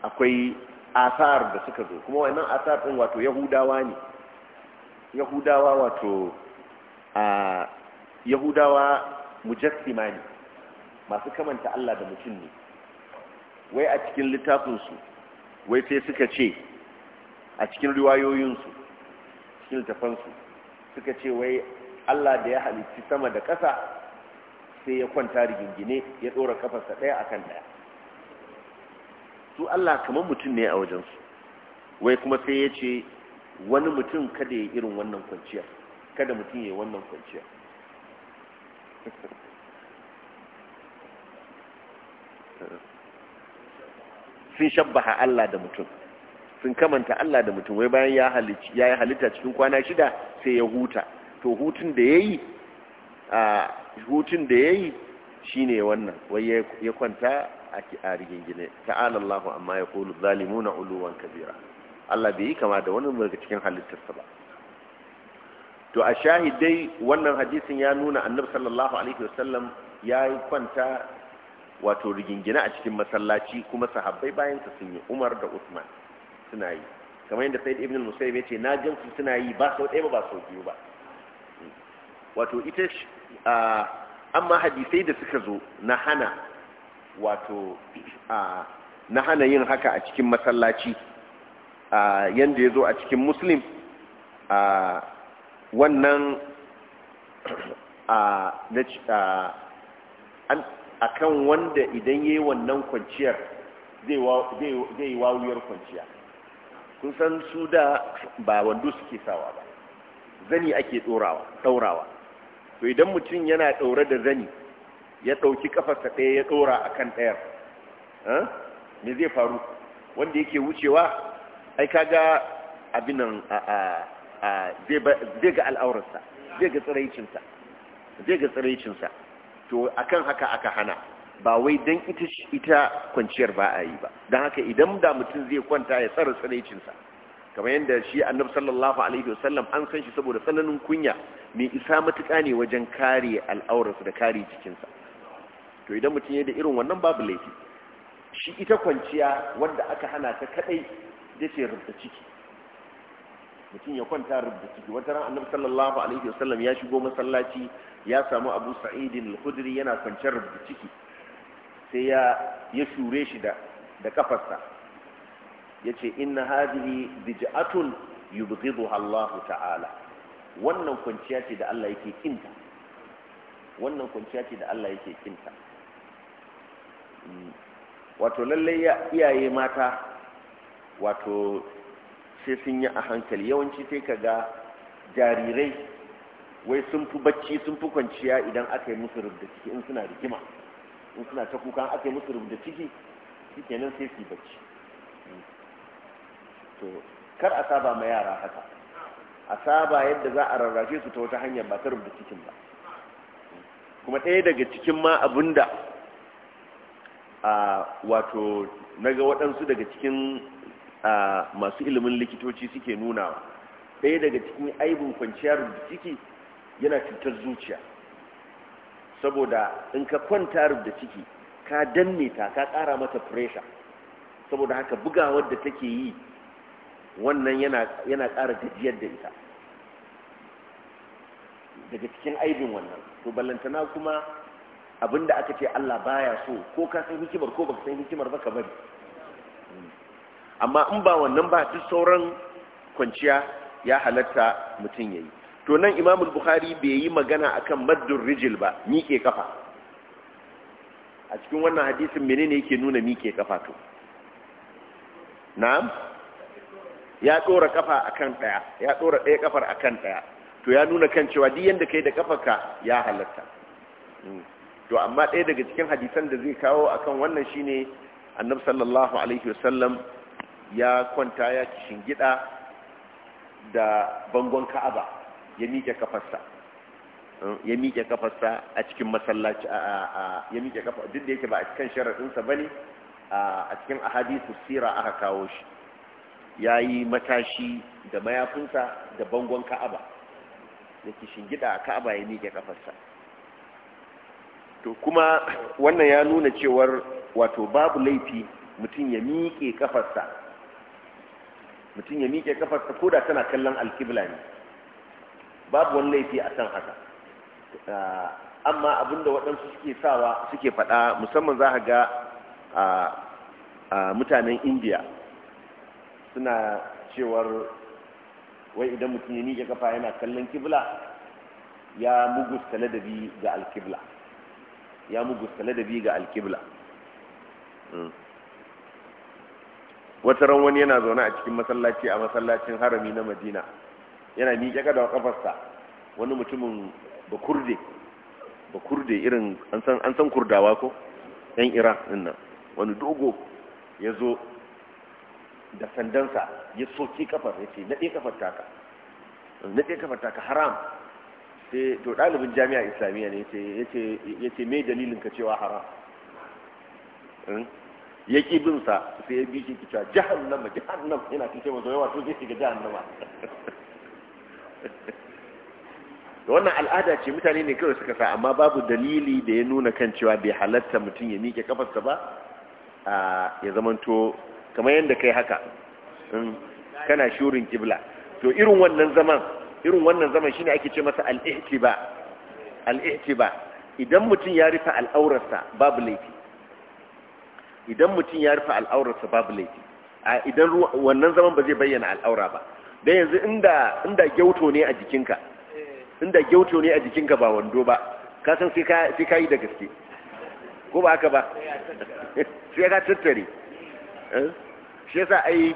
akwai asar da suka zo kuma wannan asar ɗin wato yahudawa ne yahudawa wato yahudawa mujassima ne masu kamanta Allah da mutum ne wai a cikin littafinsu wai sai suka ce a cikin riwayoyinsu cikin littafansu suka ce wai Allah da ya halitti sama da ƙasa sai ya kwanta rigingine ya ɗora kafarsa ɗaya akan ɗaya su Allah kamar mutum ne a wajensu wai kuma sai ya ce wani mutum kada ya irin wannan kwanciyar kada mutum ya yi wannan kwanciyar sun shabbaha Allah da mutum sun kamanta Allah da mutum wai bayan ya yi halitta cikin kwana shida sai ya huta to hutun da ya yi hutun da ya yi shi ne wannan wai ya kwanta a rigingine ta'ala amma ya kulu na uluwan kabira Allah bai yi kama da wani daga cikin halittarsa ba to a shahidai wannan hadisin ya nuna annabi sallallahu alaihi wasallam ya kwanta wato rigingine a cikin masallaci kuma sahabbai bayan sa sun yi Umar da Usman suna yi kamar yadda Said ibn al-Musayyib ce na jin suna yi ba sau ɗaya ba ba sau biyu ba wato ita amma hadisai da suka zo na hana wato na hana yin haka a cikin masallaci yadda ya zo a cikin muslim wannan a kan wanda idan yi wannan kwanciyar zai yi wawuyar kwanciya kun su da ba wando suke sawa ba zani ake ɗaurawa to idan mutum yana ɗaure da zani ya ɗauki kafarsa ɗaya ya ɗora a kan ɗayar me zai faru wanda yake wucewa ai kaga abin nan zai ga al'aurarsa zai ga tsiraicinsa zai ga tsiraicinsa to akan haka aka hana ba wai don ita kwanciyar ba a yi ba don haka idan da mutum zai kwanta ya tsara tsiraicinsa kamar yadda shi annabi sallallahu alaihi wasallam an san shi saboda tsananin kunya mai isa matuƙa ne wajen kare al'aurarsa da kare jikinsa to idan mutum yadda irin wannan babu laifi shi ita kwanciya wanda aka hana ta kadai da ce rubda ciki mutum ya kwanta rubda ciki wata ran annabi sallallahu alaihi wasallam ya shigo masallaci ya samu abu sa'idin al yana kwanciyar rubda ciki sai ya ya shure shi da da kafarsa Ya yace inna hadhihi bid'atun yubghidha Allah ta'ala wannan kwanciya ce da Allah yake kinta wannan kwanciya ce da Allah yake kinta hmm. wato lallai iyaye mata wato sai sun yi a hankali yawanci sai ka ga jarirai wai sun fi bacci sun fi kwanciya idan aka yi musu rubda ciki in suna rigima in suna ta kuka aka yi musu rubda ciki shikenan sai su yi bacci hmm. to kar a saba ma yara haka a saba yadda za a rarrafe su ta wata hanyar ba ta rubuta cikin ba kuma ɗaya daga cikin ma abinda a wato naga waɗansu daga cikin masu ilimin likitoci suke wa, ɗaya daga cikin aibin kwanciyar ciki yana cutar zuciya saboda in ka kwanta rubuta ciki ka danne ta ka ƙara mata fresha saboda haka bugawar da take yi wannan yana ƙara gajiyar da ita daga cikin aibin wannan to ballantana kuma abinda aka ce Allah baya so ko ka san hikimar ko baka san hikimar ba ka bari amma in ba wannan ba duk sauran kwanciya ya halatta mutum yayi to nan Imam Bukhari bai yi magana akan maddur rijil ba miƙe kafa a cikin wannan hadisin menene yake nuna mike kafa to na'am ya dora kafa akan daya ya dora daya kafar akan daya to ya nuna kan cewa duk yanda kai da kafarka ya halatta mm. to amma ɗaya daga cikin hadisan da zai kawo akan wannan shine annab sallallahu alaihi wasallam ya kwanta ya shingida da bangon ka'aba ya miƙe kafarsa mm, ya miƙe kafarsa a cikin masallaci ya miƙe kafa duk da yake ba a cikin shara'insa ba ne a cikin ahadisu sira aka kawo shi ya yi matashi da mayafinsa da bangon ka'aba da ke shingida a ka'aba ya miƙe kafarsa. to kuma wannan ya nuna cewar wato babu laifi mutum ya miƙe kafarsa, mutum ya miƙe kafarsa ko da tana kallon alkibla ne babu wani laifi a kan haka ah, amma abinda waɗansu suke sawa suke faɗa musamman za ga a ah, ah, mutanen indiya suna cewar wai idan mutum ya miƙe kafa yana kallon kibla ya da ladabi ga alkibla ya da ladabi ga alkibla hmm. wata ran wani yana zaune a cikin masallaci a masallacin harami na madina yana miƙe kada kafarsa wani mutumin bakurde bakurde irin an san kurdawa ko yan iran nan wani dogo ya zo da sandansa ya soki kafar ya ce naɗe kafar taka naɗe kafar taka haram sai to ɗalibin jami'a islamiyya ne ya ce me dalilin ka cewa haram hmm? ya ƙi bin sa sai ya bi shi ki cewa jahannama jahannam yana kace cewa yawa to zai shiga jahannama wannan al'ada ce mutane ne kawai suka sa amma babu dalili da ya nuna kan cewa bai halatta mutum ya miƙe kafarsa ba ya zamanto kamar yadda kai haka hmm. kana shurin kibla to irin wannan zaman irin wannan zaman shine ake ce masa al-ihtiba al-ihtiba idan mutum ya rufe al'aurarsa babu laifi idan mutum ya rufe al'aurarsa babu laifi a idan wannan zaman ba zai bayyana al'aura ba dan yanzu inda inda gyauto ne a jikinka inda gyauto ne a jikinka ba wando ba ka san sai ka sai kai da gaske ko ba haka ba sai ka tattare eh shi yasa ai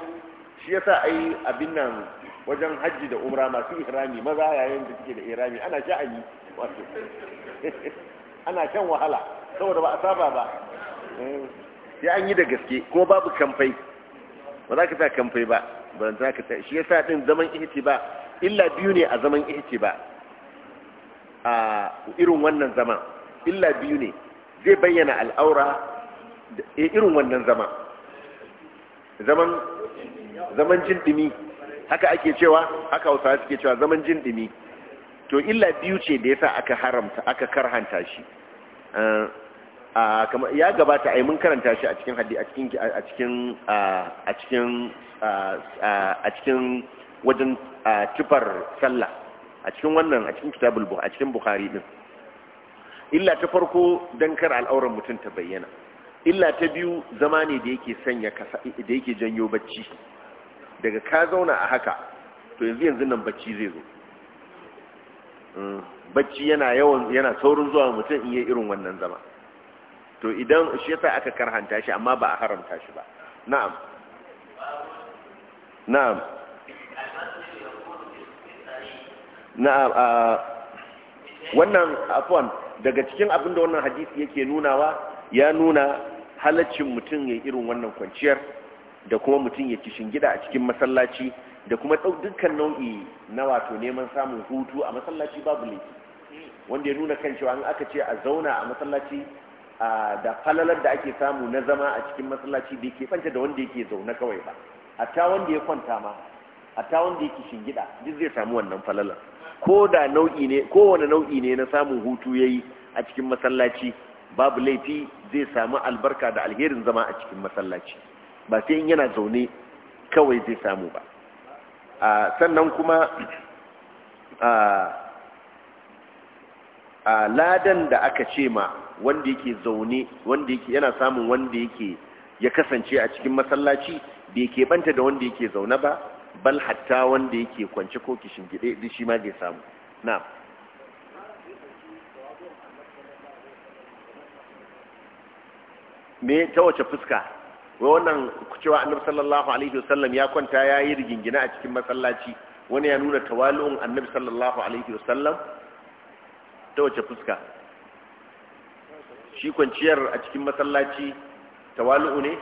shi yasa ai abin nan wajen hajji da umra masu ihrami maza yayin da suke da ihrami ana sha'ani wato ana shan wahala saboda ba a saba ba eh, sai an yi da gaske kuma babu kamfai ba za ka sa kamfai ba ba za ka sa shi yasa din zaman ba illa biyu ne a zaman ba a irin wannan zaman illa biyu ne zai bayyana al'aura eh, irin wannan zaman zaman zaman jin dumi haka ake cewa haka hausawa suke cewa zaman jin dumi to illa biyu ce da yasa aka haramta aka karhanta shi eh, ya gabata ai mun karanta shi a cikin haddi a cikin a cikin a cikin a cikin wajen tufar sallah a cikin wannan a cikin kitabul a cikin bukhari din illa ta farko dan kar al'auran mutum ta bayyana illa ta biyu zama ne da yake sanya da yake janyo bacci daga ka zauna a haka to yanzu yanzu nan bacci zai zo mm, bacci yana yawan yana saurin zuwa mutum in yi irin wannan zama to idan shi yasa aka karhanta shi amma ba a haramta shi ba na'am na'am na'am wannan afwan daga cikin abin da wannan hadisi yake nunawa ya nuna halaccin mutum ya irin wannan kwanciyar da kuma mutum ya kishin gida a cikin masallaci da kuma dukkan nau'i na wato neman samun hutu a masallaci babu laifi wanda ya nuna kan cewa in aka ce a zauna a masallaci da falalar da ake samu na zama a cikin masallaci bai ke fanta da wanda yake zaune kawai ba ta wanda ya kwanta ma ta wanda yake shingida duk zai samu wannan falalar ko da nau'i ne kowane nau'i ne na samun hutu yayi a cikin masallaci babu laifi zai samu albarka da alherin zama a cikin masallaci ba sai in yana zaune kawai zai samu ba sannan kuma a ladan da aka ce ma wanda yake zaune wanda yake yana samun wanda yake ya kasance a cikin masallaci bai banta da wanda yake zaune ba bal hatta wanda yake kwance ko kishin gide duk shi ma zai samu na'am me ta wace fuska wai wannan cewa annabi sallallahu alaihi wasallam ya kwanta ya yi rigingina a cikin masallaci wani ya nuna tawalu'un annabi sallallahu alaihi wasallam ta wace fuska shi kwanciyar a cikin masallaci tawalu'u ne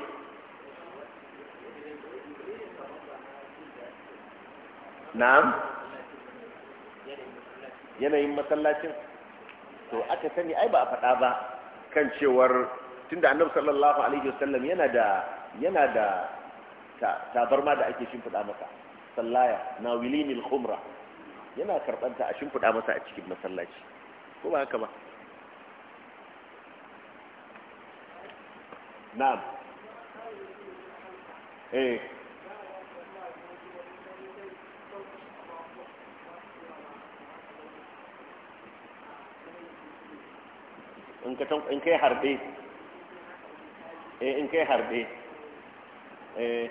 na'am yanayin masallacin to aka sani ai ba a faɗa ba kan cewar tunda annabi sallallahu alaihi wasallam yana da yana da tabarma da ake shimfida masa sallaya na wilinil khumra yana karɓanta a shimfida masa a cikin masallaci ko ba haka ba na'am eh in ka yi harbe eh in kai harbe eh,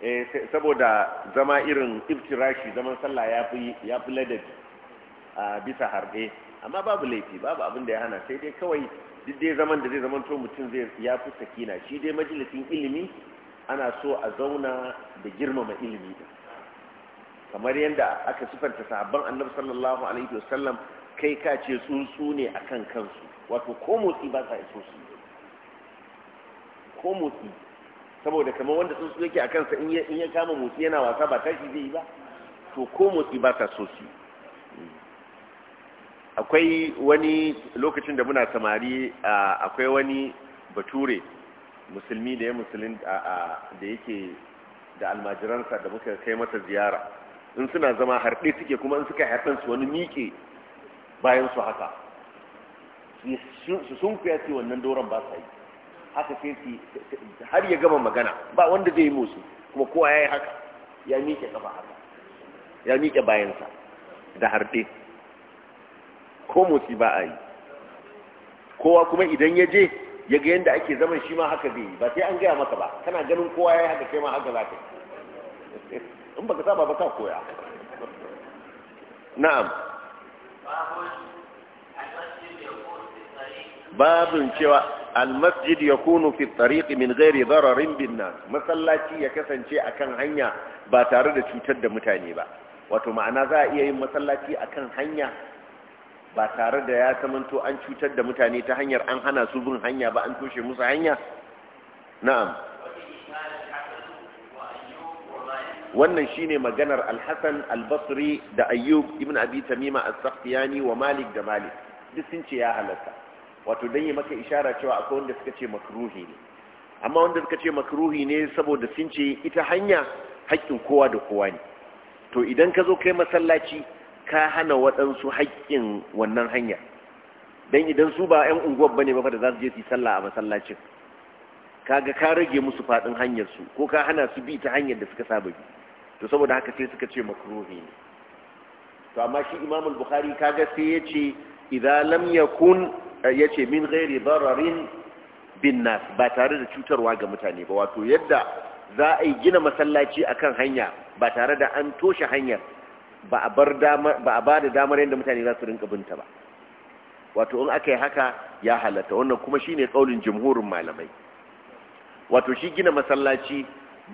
eh saboda zama irin iftirashi zaman sallah ya fi ya ladabi a bisa harbe amma babu laifi babu abin da ya hana sai dai kawai duk dai zaman da zai zaman to mutum zai ya fi sakina shi dai majalisin ilimi ana so a zauna da girmama ilimi kamar yadda aka sifanta sahabban annabi sallallahu alaihi wasallam kai ka ce tsuntsu ne akan kansu wato ko motsi ba sa iso su ko motsi saboda kamar wanda sun yake a kansa in ya kama motsi yana wasa ba tashi zai yi ba to ko motsi ba ta so su akwai wani lokacin da muna samari akwai wani bature musulmi da ya musulun da yake da almajiransa da muka kai masa ziyara in suna zama harɗe suke kuma in suka su wani miƙe bayan su haka su sun fiye wannan doron ba sa yi haka sai su har ya gama magana ba wanda zai yi musu kuma kowa ya yi haka ya miƙe ƙafa haka ya miƙe bayansa da harɗe ko motsi ba a yi kowa kuma idan ya je ya ga yadda ake zaman shi ma haka zai yi ba sai an gaya maka ba kana ganin kowa ya yi haka kai ma haka za ka yi in ba ka saba ba ka koya na'am babin cewa المسجد يكون في الطريق من غير ضرر بالناس masallaci ya kasance akan hanya ba tare da cutar da mutane ba wato ma'ana za a iya yin masallaci akan hanya ba tare da ya samanto an cutar da mutane ta hanyar an hana su bin hanya ba an toshe musu hanya na'am wannan shine maganar al-Hasan al-Basri da Ayyub ibn Abi Tamima as-Sakhtiyani wa Malik da Malik duk sun ce ya halatta wato dan yi maka ishara cewa akwai wanda suka ce makruhi ne amma wanda suka ce makruhi ne saboda sun ce ita hanya haƙƙin kowa da kowa ne to idan ka zo kai masallaci ka hana waɗansu haƙƙin wannan hanya dan idan su ba 'yan unguwar bane ba da za su je su yi sallah a masallacin kaga ka rage musu faɗin hanyar su ko ka hana su bi ta hanyar da suka saba bi to saboda haka sai suka ce makruhi ne to amma shi imamul al-Bukhari kaga sai ya ce idza lam yakun yace min ghairi dararin bin nas ba tare da cutarwa ga mutane ba wato yadda za a yi gina masallaci akan hanya ba tare da an toshe hanyar ba a bar dama ba a ba da damar yadda mutane za su rinka binta ba wato in aka yi haka ya halatta wannan kuma shine kaulin jumhurin malamai wato shi gina masallaci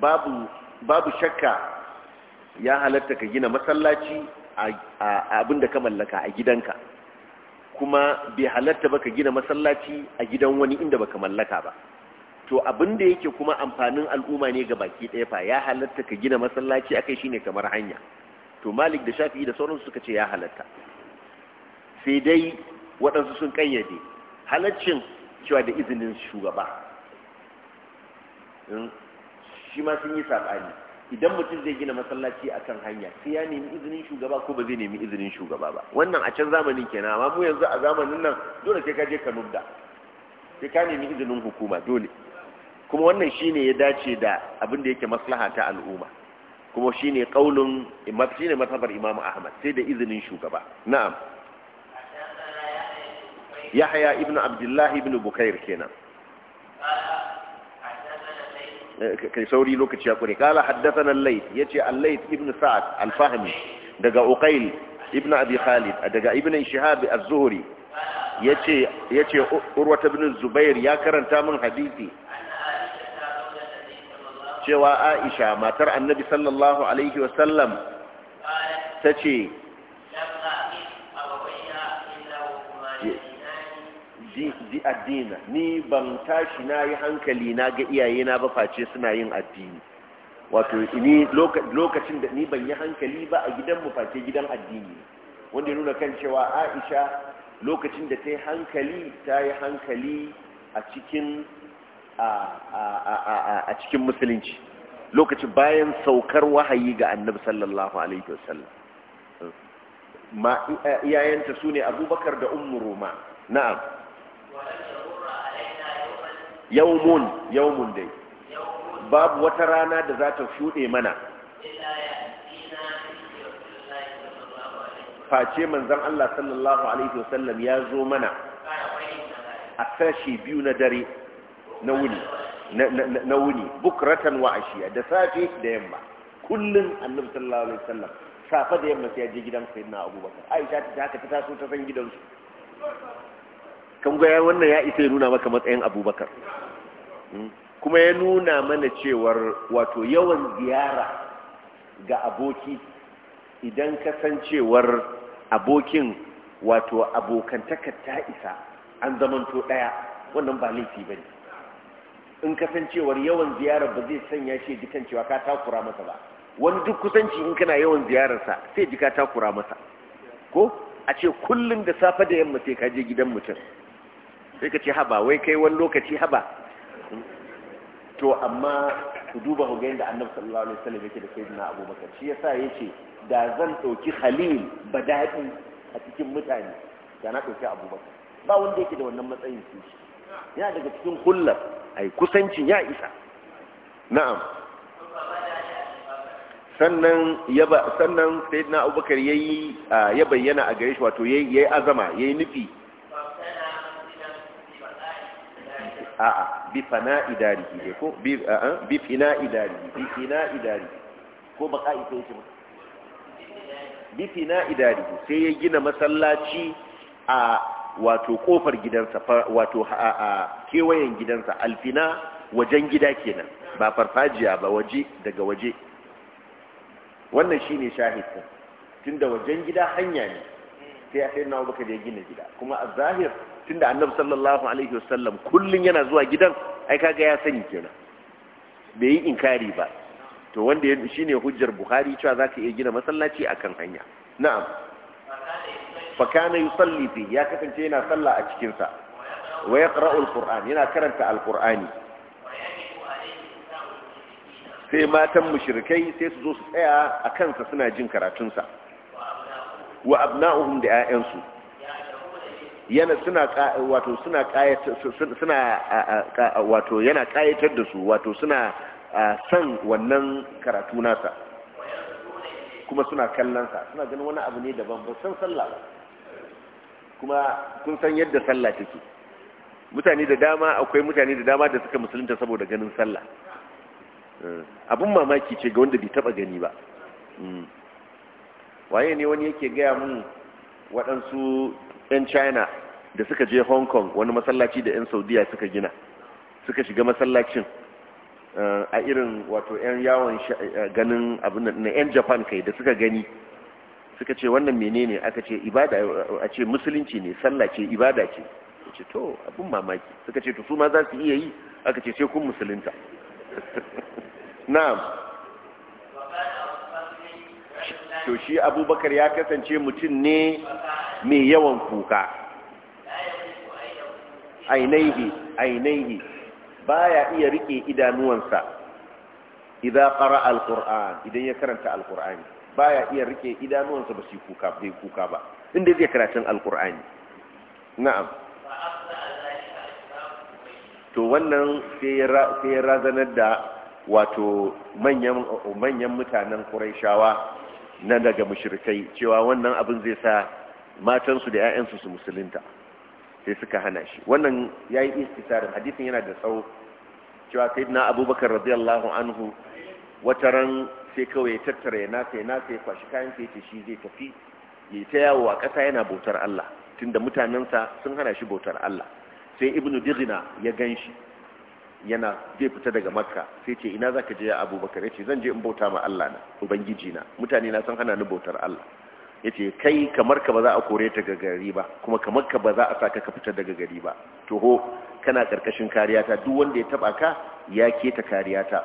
babu babu shakka ya halatta ka gina masallaci a abinda ka mallaka a gidanka kuma bai halatta baka gina masallaci a gidan wani inda baka mallaka ba to abin da yake kuma amfanin al'umma ne ga baki ɗaya fa ya halatta ka gina masallaci akai shine kamar hanya to malik da shafi'i da sauransu suka ce ya halatta sai dai waɗansu sun kayyade halaccin cewa da izinin shugaba shi ma sun yi saɓani idan mutum zai gina masallaci a kan hanya sai ya nemi izinin shugaba ko ba zai nemi izinin shugaba ba wannan a can zamanin kenan amma mu yanzu a zamanin nan dole sai ka je ka nubda sai ka nemi izinin hukuma dole kuma wannan shine ya dace da abin da yake maslaha ta al'umma kuma shine kaulin imam shine masabar imam ahmad sai da izinin shugaba na'am yahya ibnu Abdullahi ibnu bukair kenan kai sauri lokaci ya kure kala haddathana al-layth yace al-layth ibn sa'ad al-fahmi daga uqayl ibn abi khalid daga ibn shihab az-zuhri yace yace urwa ibn zubair ya karanta min hadisi cewa aisha matar annabi sallallahu alaihi wasallam tace di addina ni ban tashi na yi hankali na ga iyayena ba face suna yin addini wato ni lokacin da ni ban yi hankali ba a gidan mu face gidan addini wanda ya nuna kan cewa Aisha lokacin da ta yi hankali ta yi hankali a cikin a cikin musulunci lokacin bayan saukar wahayi ga annabi sallallahu alaihi wasallam ma iyayenta su abubakar da ummu roma na'am yawmun yawmun dai babu wata rana da za ta shuɗe mana face manzan Allah sallallahu alaihi wasallam ya zo mana a sashi biyu na dare na wuni na wuni bukratan wa ashiya da safe da yamma kullum annabi sallallahu alaihi wasallam safe da yamma sai ya je gidan sayyidina abubakar aisha ta haka ta taso ta san gidansu kan ga wannan ya isa ya nuna maka matsayin abubakar hmm? kuma ya nuna mana cewar wato yawan ziyara ga aboki idan kasancewar abokin wato abokantaka ta isa an zamanto ɗaya wannan ba laifi ba ne in kasancewar yawan ziyara ba zai sanya shi jikan cewa ka takura masa ba wani duk kusanci in kana yawan ziyararsa sai ji takura masa ko a ce kullum da safe da yamma sai ka je gidan mutum sai ka ce haba wai kai wani lokaci haba to amma ku duba ku da annabu annabi sallallahu alaihi wasallam yake da sayyidina abubakar shi yasa yace da zan dauki khalil daɗi a cikin mutane da na dauki abubakar ba wanda yake da wannan matsayin su shi yana daga cikin kullar ai kusancin ya isa na'am sannan ya ba sannan sayyidina abubakar yayi ya bayyana a gare shi wato yayi azama yayi nufi a'a bi fana idarihi ne ko bi a'a bi bi fina ko baka ita yake ba bi fina idarihi sai ya gina masallaci a wato kofar gidansa wato a kewayen gidansa alfina wajen gida kenan ba farfajiya ba waje daga waje wannan shine shahidin tunda wajen gida hanya ne sai a sai na ya gina gida kuma a zahir tunda annabi sallallahu alaihi wasallam kullun yana zuwa gidan ai kaga ya sani kenan bai yi inkari ba to wanda ya shine hujjar bukhari cewa zaka iya gina masallaci akan hanya na'am fa kana yusalli fi ya kasance yana sallah a cikin sa wa yaqra'u alquran yana karanta alqurani sai matan mushrikai sai su zo su tsaya a kansa suna jin karatunsa wa abna'uhum da 'ya'yansu yana suna wato suna suna wato yana kayatar da su wato suna san wannan karatu nasa kuma suna kallon sa suna ganin wani abu ne daban ba san sallah ba kuma kun san yadda sallah take mutane da dama akwai mutane da dama da suka musulunta saboda ganin sallah eh, abun mamaki ce ga wanda bai taba gani ba hmm. waye ne wani yake gaya mun waɗansu 'yan china da suka je hong kong wani masallaci da 'yan saudiya suka gina suka shiga masallacin eh, a irin wato 'yan yawon eh, ganin abin na 'yan japan kai da suka gani suka ce wannan menene aka ce ibada a ce musulunci ne sallace ibada ce ce to abin mamaki suka ce to su ma za su iya yi aka ce sai kun musulunta na'am to shi abubakar ya kasance mutum ne mai yawan kuka ainihi ainihi ya iya rike idanuwansa idan qara alquran idan ya karanta ba ya iya rike idanuwansa ba su kuka bai kuka ba inda zai karatun alqurani na'am to wannan sai ya razanar da wato manyan mutanen shawa na daga mashirkai cewa wannan abin zai sa matansu da 'ya'yansu su musulunta sai suka hana shi wannan ya yi istisarin hadisin yana da tsawo cewa sai na abubakar radiyallahu anhu wata ran sai kawai ya tattara ya nasa ya nasa ya kwashi kayan sai ce shi zai tafi ya ta yawo a ƙasa yana bautar Allah tun da mutanensa sun hana shi bautar Allah sai ibnu dirina ya gan shi yana zai fita daga makka sai ce ina za ka je ya abubakar ya ce zan je in bauta ma Allah na ubangiji na mutane na sun hana ni bautar Allah ya ce kai kamar ka ba za a kore ta ga gari ba kuma kamar ka ba za a saka ka fitar daga gari ba toho kana karkashin kariyata duk wanda ya taba ka ya keta kariyata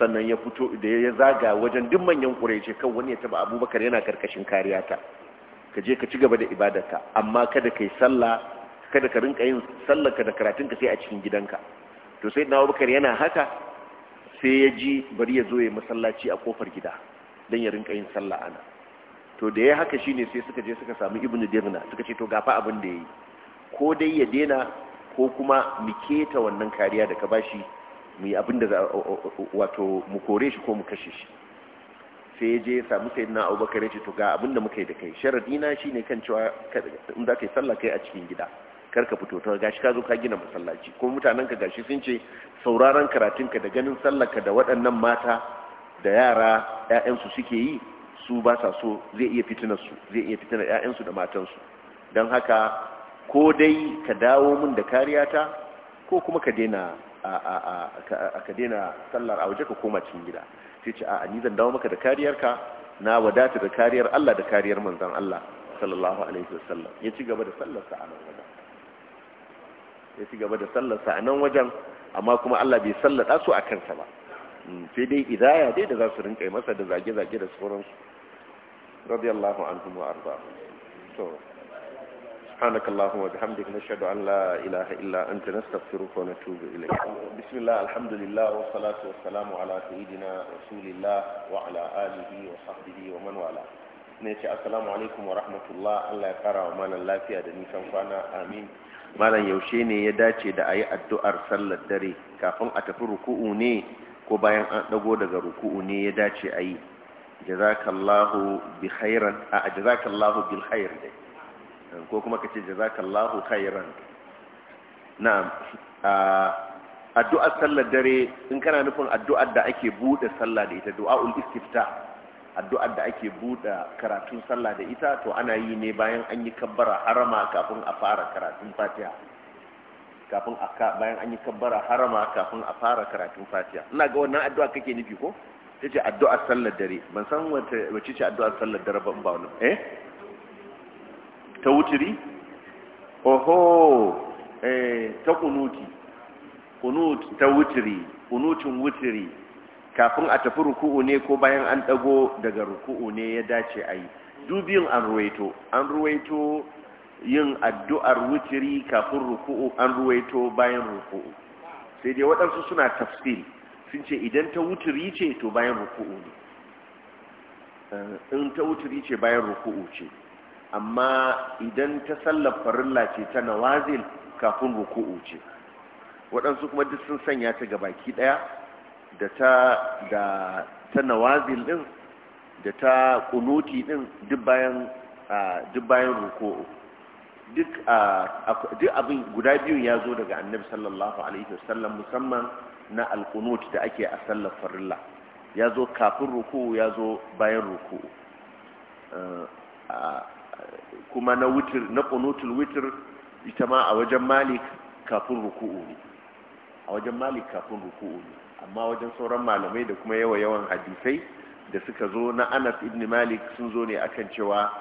sannan ya fito da ya zaga wajen duk manyan kure ce kan wani ya taba abubakar yana karkashin kariyata ka je ka ci gaba da ibadarka amma kada kai sallah kada ka rinka yin sallar ka da karatun ka sai a cikin gidanka to sai na abubakar yana haka sai ya ji bari ya zo ya masallaci a kofar gida dan ya rinka yin sallah ana to da ya haka shine sai suka je suka samu ibn dirna suka ce to gafa abin da yi ko dai ya dena ko kuma mu keta wannan kariya da ka ba shi mu yi abin da wato mu kore shi ko mu kashe shi sai ya je ya samu na Abubakar ya ce to ga abin da muka yi da kai sharadina shi shine kan cewa in za ka yi sallah kai a cikin gida kar ka fito ta shi ka zo ka gina masallaci kuma mutanen ka gashi sun ce sauraron karatunka da ganin ka da waɗannan mata da yara 'ya'yansu suke yi su ba sa so zai iya fitinar su zai iya fitinar ƴaƴansu da matansu don haka ko dai ka dawo min da kariyata ko kuma ka daina ka daina sallar a waje ka koma cikin gida sai ce a ni zan dawo maka da kariyarka na wadata da kariyar Allah da kariyar manzon Allah sallallahu alaihi wasallam ya ci gaba da sa a nan wajen ya ci gaba da sallarsa a nan wajen amma kuma Allah bai sallada su a kansa ba Mm, sai dai idaya dai da za su rinka masa da zage-zage da tsoronsu radiyallahu anhum wa arba to subhanakallahu wa bihamdika nashhadu an la ilaha illa anta nastaghfiruka wa natubu ilayk bismillah alhamdulillah wa salatu wa salamu ala sayidina rasulillah wa ala alihi wa sahbihi wa man wala ne alaikum wa rahmatullah Allah ya kara wa malam lafiya da nisan kwana amin malam yaushe ne ya dace da ayi addu'ar sallar dare kafin a tafi ruku'u ne ko bayan an dago daga ruku'u ne ya dace a yi jazakallahu bi khairan a jazakallahu bil khair dai ko kuma kace jazakallahu khairan na'am addu'ar sallar dare in kana nufin addu'ar da ake buɗe sallah da ita du'aul istifta addu'ar da ake buɗe karatun sallah da ita to ana yi ne bayan an yi kabbara harama kafin a fara karatun fatiha kafin a bayan an yi kabbara harama kafin a fara karatun fatiha ina ga wannan addu'a kake nufi ko tace addu'ar sallar dare ban san wace ce addu'ar sallar dare ba ba wannan eh ta wutiri oho eh ta kunuti kunut ta wutiri kunutin wutiri kafin a tafi ruku'u ne ko bayan an dago daga ruku'u ne ya dace ayi dubin an ruwaito an ruwaito yin addu'ar wutiri kafin ruku'u an ruwaito bayan ruku'u sai dai waɗansu suna tafsir sun ce idan ta wuturi ce to bayan ruku'u ne eh, in ta wuturi ce bayan ruku'u ce amma idan ta sallar farilla ce ta nawazil kafin ruku'u ce waɗansu kuma duk sun sanya ta ga baki ɗaya da ta nawazil ɗin da ta kunuti ɗin duk bayan ah, ruku'u duk abin guda biyun ya zo daga annabi sallallahu alaihi wasallam musamman na alkunut da ake a sallar farilla ya zo kafin ruku ya zo bayan ruku eh, kuma na witir na kunutul witir ita ma a wajen malik kafin ruku'u ne a wajen malik kafin ruku'u ne amma wajen sauran malamai da kuma yawa yawan hadisai da suka zo na anas ibn malik sun zo ne akan cewa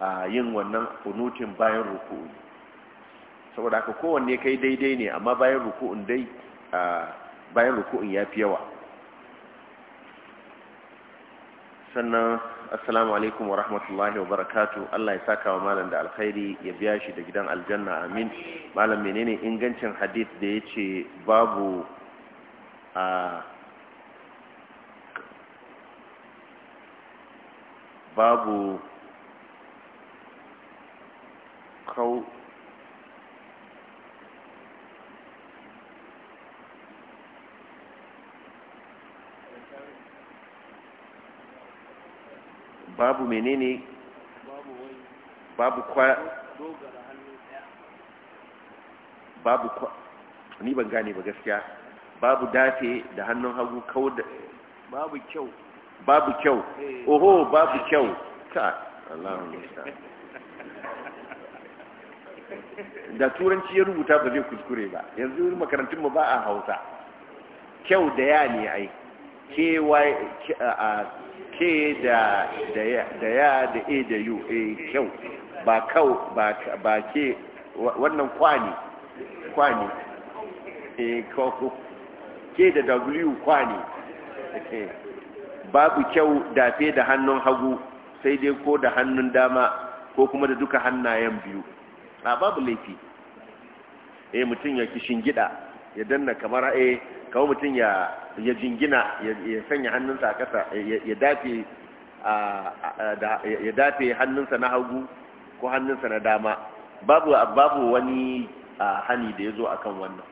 a yin wannan kunutin bayan ruku'u saboda haka kowanne kai daidai ne amma bayan ruku'un dai bayan ruku'un ya fi yawa sannan assalamu alaikum wa rahmatullahi wa barakatu Allah ya saka wa malam da alkhairi ya biya shi da gidan aljanna amin malam menene ingancin hadith da ya ce babu a babu sau babu menene babu kwa babu kwa ni ban gane ba gaskiya babu dace da hannun hagu kawo da babu kyau babu kyau eh. oho babu kyau ka Allahumma da turanci ya rubuta ba zai kuskure ba yanzu makarantun mu ba a hausa kyau da ya ne ai ky k da da ya da a da u a kyau ba kau ba ke wannan kwani kwani e koko ke da w kwani babu kyau dafe da hannun hagu sai dai ko da hannun dama ko kuma da duka hannayen biyu a babu laifi eh mutum ya kishin gida ya danna kamar eh kawo mutum ya ya jingina ya sanya hannunsa a ƙasa eh, ya dafe ya dafe hannunsa na hagu ko hannunsa na dama babu babu wani hani da ya akan wannan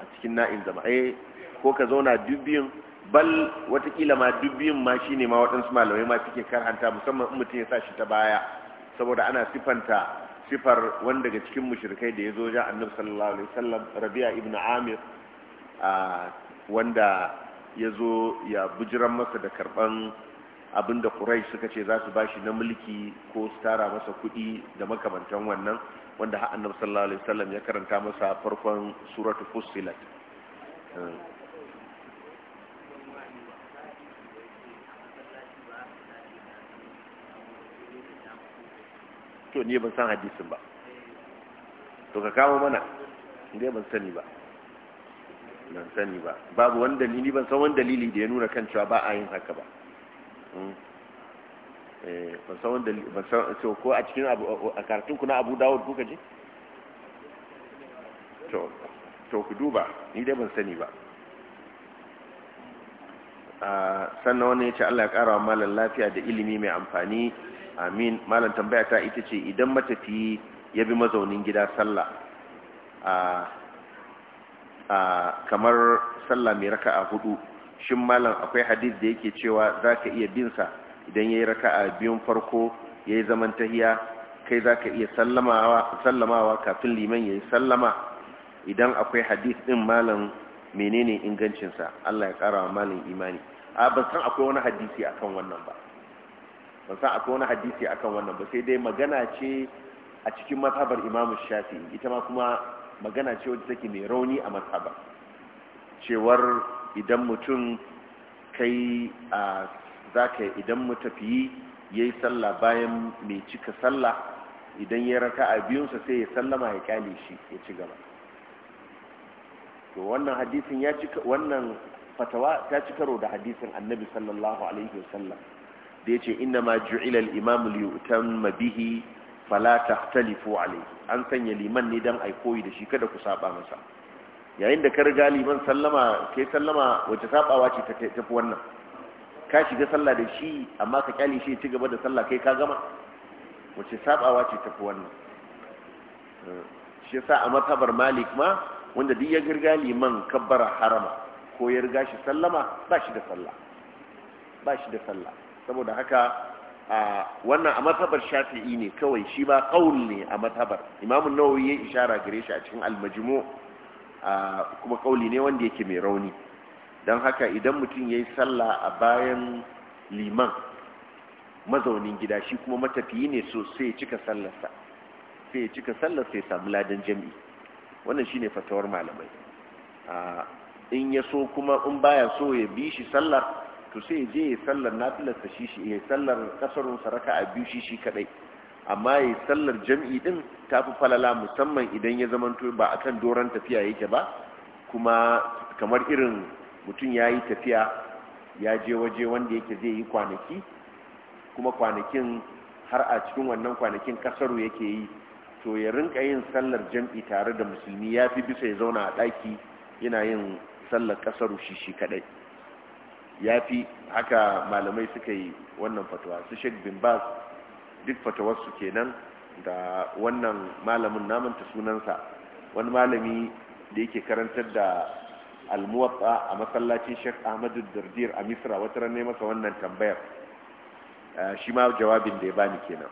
a cikin na'in zama eh ko ka zauna dubbin bal watakila ma dubbin ma shine ma waɗansu malamai ma suke karhanta musamman in mutum ya sa shi ta baya saboda ana sifanta sifar wanda daga cikin mushirkai da ya zo ja annabi sallallahu alaihi wasallam rabi'a ibn amir wanda ya zo ya bujiran masa da karban abinda da quraish suka ce za su bashi na mulki ko su tara masa kuɗi da makamantan wannan wanda har annabi sallallahu alaihi wasallam ya karanta masa farkon suratul fussilat to ne ban san hadisin ba to ka kawo mana dai ban sani ba ban sani ba babu wani dalili ban san wani dalili da ya nuna kan cewa ba a yin haka ba hmm. eh, ban san wani dalili ban san to ko a cikin a karatun ku na Abu Dawud kuka je to to ku duba ni dai ban sani ba ah, sannan wani ya ce Allah ya ƙara wa malar lafiya da ilimi mai amfani amin malam tambaya ta ita ce idan matafiyi ya bi mazaunin gida sallah kamar sallah mai raka a hudu shin malam akwai hadith da yake cewa za ka iya binsa idan ya yi raka a biyun farko ya yi zaman tahiya kai za ka iya sallamawa kafin liman ya yi sallama idan akwai hadith din malam menene ingancinsa allah ya kara wa malam imani a ban akwai wani hadisi akan wannan ba ban san akwai wani hadisi akan wannan ba sai dai magana ce a cikin mazhabar imam shafi ita ma kuma magana ce wadda take mai rauni a mazhaba cewar idan mutum kai a zaka idan mutafiyi yayi sallah bayan mai cika sallah idan ya raka a biyunsa sai ya sallama ya kyale shi ya ci gaba to wannan hadisin ya cika wannan fatawa ta ci karo da hadisin annabi sallallahu alaihi wasallam da ce ina ma ju'ila al-imam liyutamma bihi fala tahtalifu alayhi an sanya liman ne don aikoyi koyi da shi kada ku saba masa yayin da ka riga liman sallama ke sallama wace sabawa ce ta tafi wannan ka shiga sallah da shi amma ka kyali shi ci gaba da sallah kai ka gama wace sabawa ce tafi wannan shi sa a matabar malik ma wanda duk ya girga liman kabbara harama ko ya riga shi sallama ba shi da sallah ba shi da sallah saboda haka wannan a matabar shafi'i ne kawai shi ba qaul ne a matabar imamu nawawi ya ishara gare shi a cikin almajimu majmu kuma qauli ne wanda yake mai rauni don haka idan mutum ya yi sallah a bayan liman mazaunin gida shi kuma matafiyi ne so sai cika sallarsa sai cika sallar sai ya samu ladan jami'i wannan shi ne fatawar malamai in ya so kuma in baya so ya bi shi sallar to sai ya je ya sallar nafilarsa shi shi ya sallar kasarunsa raka a biyu shi shi kadai amma ya sallar jam'i din ta fi falala musamman idan ya zamanto ba a kan doron tafiya yake ba kuma kamar irin mutum ya yi tafiya ya je waje wanda yake zai yi kwanaki kuma kwanakin har a cikin wannan kwanakin kasaru yake yi to ya rinka yin sallar jam'i tare da musulmi ya fi bisa ya zauna a ɗaki yana yin sallar kasaru shi shi kaɗai ya fi haka malamai suka yi wannan fatawa su sheik bin baz duk fatawarsu kenan da wannan malamin namanta sunansa wani malami da yake karantar da almuwatsa a masallacin sheik ahmadu dardir a misra wata ranar masa wannan tambayar eh, shi ma jawabin da ya bani kenan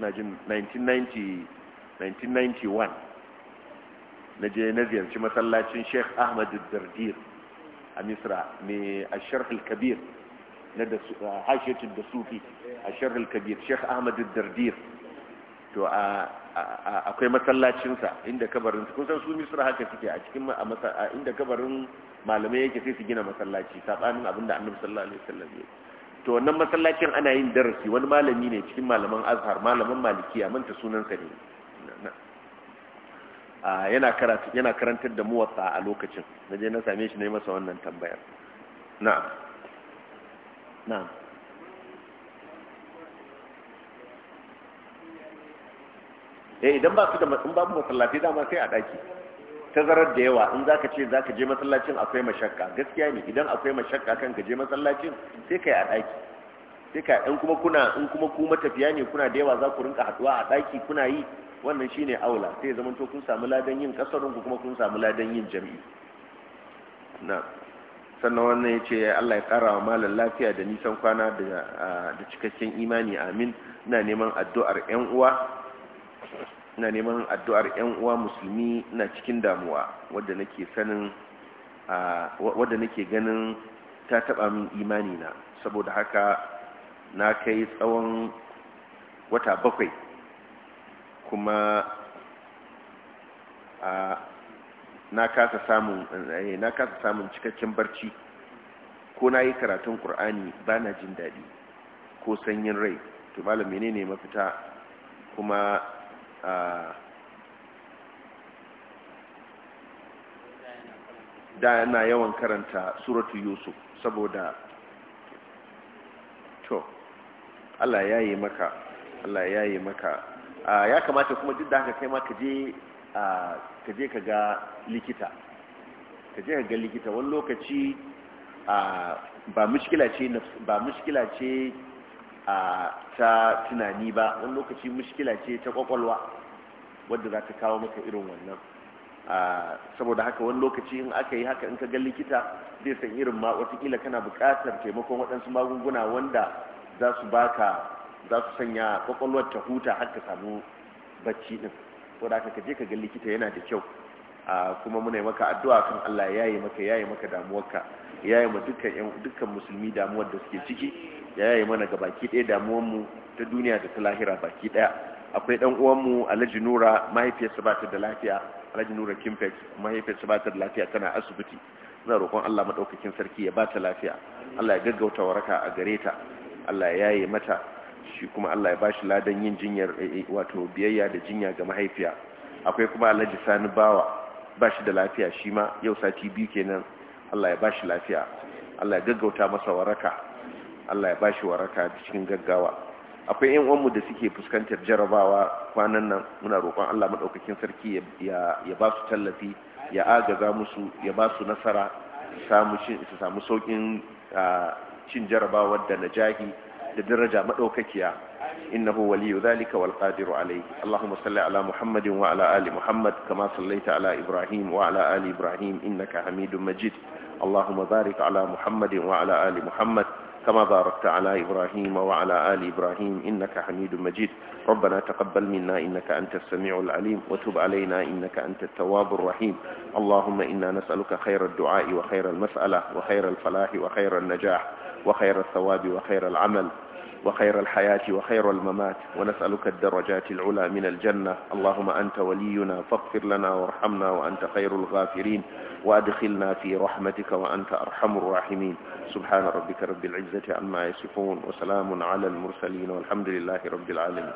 na jin 1991 na je na ziyarci masallacin sheik ahmadu dardir a misra mai asharhul kabir na da hashetun da sufi asharhul kabir sheikh ahmadu dardir to akwai masallacinsa inda kabarin kun san su misra haka suke a cikin inda kabarin malamai yake sai su gina masallaci abin abinda annabi sallallahu alaihi wasallam ya to wannan masallacin ana yin darasi wani malami ne cikin malaman azhar malaman malikiya manta sunansa ne yana karantar da muwatsa a lokacin na je na same shi na yi masa wannan tambayar na eh idan ba su da matsin babu masallaci dama sai a daki tazarar da yawa in za ka ce za ka je masallacin akwai mashakka gaskiya ne idan akwai mashakka kan ka je masallacin sai kai a daki duka in kuma kuna in kuma ku matafiya ne kuna da yawa za ku rinka haɗuwa a ɗaki kuna yi wannan shine aula sai ya zamanto kun samu ladan yin ƙasar ku kuma kun samu ladan yin jami'i na sannan wannan ya ce Allah ya kara wa malam lafiya da nisan kwana da da cikakken imani amin ina neman addu'ar yan uwa ina neman addu'ar yan uwa musulmi ina cikin damuwa wanda nake sanin wanda nake ganin ta taba min imani na saboda haka na kai tsawon wata bakwai kuma a na kasa samun eh, na kasa samun cikakken barci ko na yi karatun ƙur'ani ba na jin daɗi ko sanyin rai to malam menene mafita kuma a da yana yawan karanta suratu yusuf saboda Allah ya yi maka Allah ya yi maka ya kamata kuma duk da haka kai ma ka je ka je ka ga likita ka je ka ga likita wani lokaci ba mushkila ce ba mushkila ce ta tunani ba wani lokaci mushkila ce ta kwakwalwa wadda za ta kawo maka irin wannan saboda haka wani lokaci in aka yi haka in ka ga likita zai san irin ma watakila kana buƙatar taimakon waɗansu magunguna wanda za su baka za su sanya kwakwalwar ta huta har ka samu bacci din ko da ka je ka ga likita yana da kyau kuma muna yi maka addu'a kan Allah ya yi maka ya yi maka damuwarka ya yi ma dukkan musulmi damuwar da suke ciki ya yi mana ga baki ɗaya damuwar ta duniya da ta lahira baki ɗaya akwai dan uwan mu Alhaji Nura mahaifiyarsa ba ta da lafiya Alhaji Nura Kimpex mahaifiyarsa ba ta da lafiya tana asibiti ina roƙon Allah madaukakin sarki ya ba ta lafiya Allah ya gaggauta waraka a gare ta Allah ya yi mata shi kuma Allah ya bashi ladan yin jinyar eh, eh, wato biyayya da jinya ga mahaifiya akwai kuma Alhaji Sani Bawa bashi da lafiya shi ma yau sati biyu kenan Allah ya bashi lafiya Allah ya gaggauta masa waraka Allah ya bashi waraka cikin gaggawa akwai ƴan uwanmu da suke fuskantar jarabawa kwanan nan muna roƙon Allah madaukakin sarki ya ya ba su tallafi ya agaza musu ya ba su nasara su samu saukin ah, cin jarabawar da najahi da daraja madaukakiya innahu waliyu zalika wal qadiru alayhi allahumma salli ala muhammadin wa ala ali muhammad kama sallaita ala ibrahim wa ala ali ibrahim innaka hamidum majid allahumma barik ala muhammadin wa ala ali muhammad كما باركت على إبراهيم وعلى آل إبراهيم إنك حميد مجيد ربنا تقبل منا إنك أنت السميع العليم وتب علينا إنك أنت التواب الرحيم اللهم إنا نسألك خير الدعاء وخير المسألة وخير الفلاح وخير النجاح وخير الثواب وخير العمل وخير الحياة وخير الممات ونسألك الدرجات العلى من الجنة اللهم أنت ولينا فاغفر لنا وارحمنا وأنت خير الغافرين وأدخلنا في رحمتك وأنت أرحم الراحمين سبحان ربك رب العزة عما يصفون وسلام على المرسلين والحمد لله رب العالمين